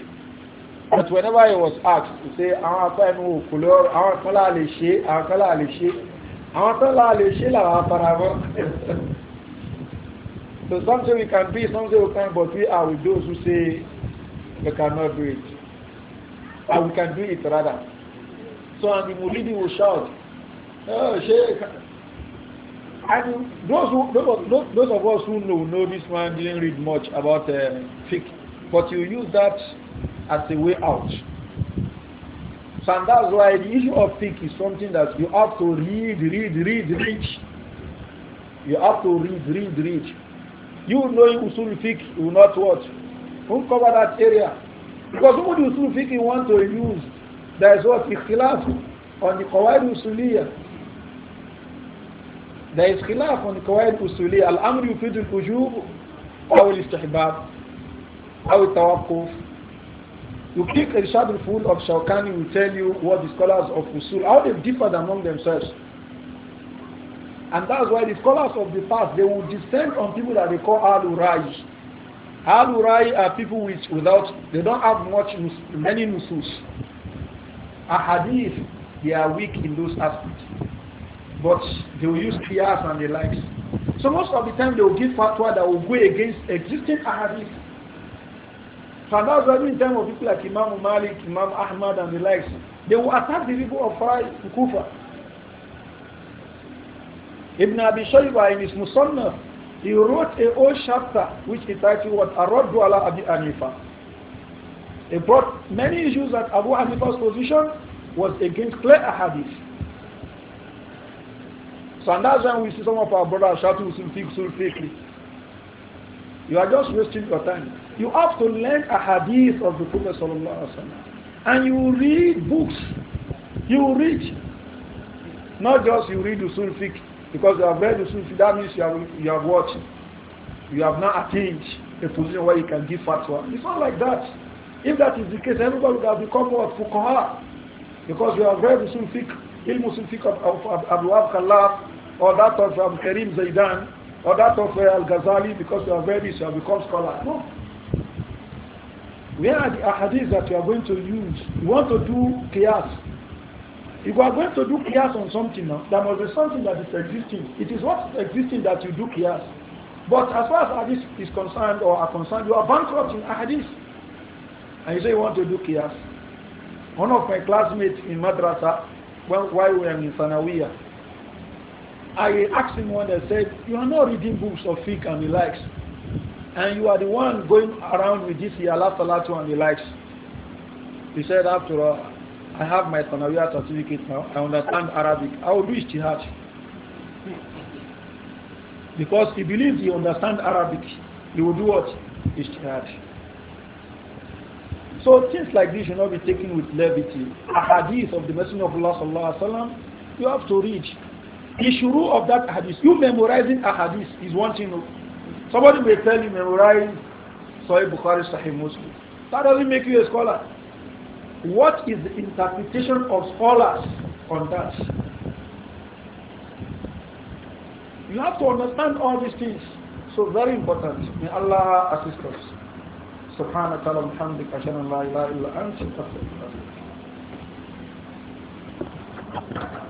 but whenever he was asked to say àwọn afẹ́nu òkú lọ́rọ̀ àwọn kan lè ṣe àwọn kan lè ṣe àwọn kan lè ṣe làwọn afárabọ́ so something we can be something we can but we are with those who say we cannot do it and we can do it rather so and the mulidi will shout oh sheikh and those who those, those of us who know know this man didn't read much about uh, fiqh but you use that as a way out. So and that's why the issue of fiqh is something that you have to read, read, read, read. You have to read, read, read. You knowing usul fiqh will not what? not cover that area? Because somebody usul fiqh you want to use, there is what? Ikhtilaf on the qawaid usuliyah. There is khilaf on the qawaid usuliyah. Al-amr yufidul ujub أو الاستحباب أو التوقف you pick a al-Ful of Shawkani will tell you what the scholars of Usul, how they differed among themselves. And that's why the scholars of the past, they will descend on people that they call Al-Urai. Al-Urai are people which without, they don't have much, many nusus. Ahadith, they are weak in those aspects. But they will use qiyas and the likes. So most of the time they will give fatwa that will go against existing ahadith. So that's why in time of people like Imam Malik, Imam Ahmad and the likes, they will attack the people of Kufa. Ibn Abi Shayba in his Musannaf, he wrote a whole chapter which he titled what Aradu Allah Abi Anifa. He brought many issues that Abu Hanifa's position was against clear hadith. So and that's when we see some of our brothers shouting Sulfiq, Sulfiq. You are just wasting your time. You have to learn a hadith of the Prophet sallallahu alaihi wasallam, and you read books. You read, not just you read the fiqh because you have read the fiqh. That means you have you have what? You have not attained a position where you can give fatwa. It's not like that. If that is the case, everybody would have become what fuqaha because you have read usul fiqh, ilm usul of, Abu Al Abu or that of um, Karim Zaidan or that of uh, Al-Ghazali because you are very, this, you have become scholar. No. Where are the hadith that you are going to use? You want to do qiyas. If you are going to do qiyas on something now, there must be something that is existing. It is what is existing that you do qiyas. But as far as hadith is concerned or are concerned, you are bankrupt in hadith. And you say you want to do qiyas. One of my classmates in madrasa, while we are in Sanawiyah, I asked him one that said, You are not reading books of fiqh and the likes. And you are the one going around with this Yala Salatu and the likes. He said, After all, I have my Tanawiyah certificate now. I understand Arabic. I will do Ijtihad. Because he believes he understands Arabic. He will do what? Ijtihad. So things like this should not be taken with levity. A hadith of the Messenger of Allah sallallahu alaihi wasallam, you have to read the of that hadith. You memorizing a hadith is one thing. Somebody may tell you memorize Sahih Bukhari, Sahih Muslim. That doesn't make you a scholar. What is the interpretation of scholars on that? You have to understand all these things. So very important. May Allah assist us. سبحانك اللهم وبحمدك أشهد أن لا إله إلا أنت أستغفرك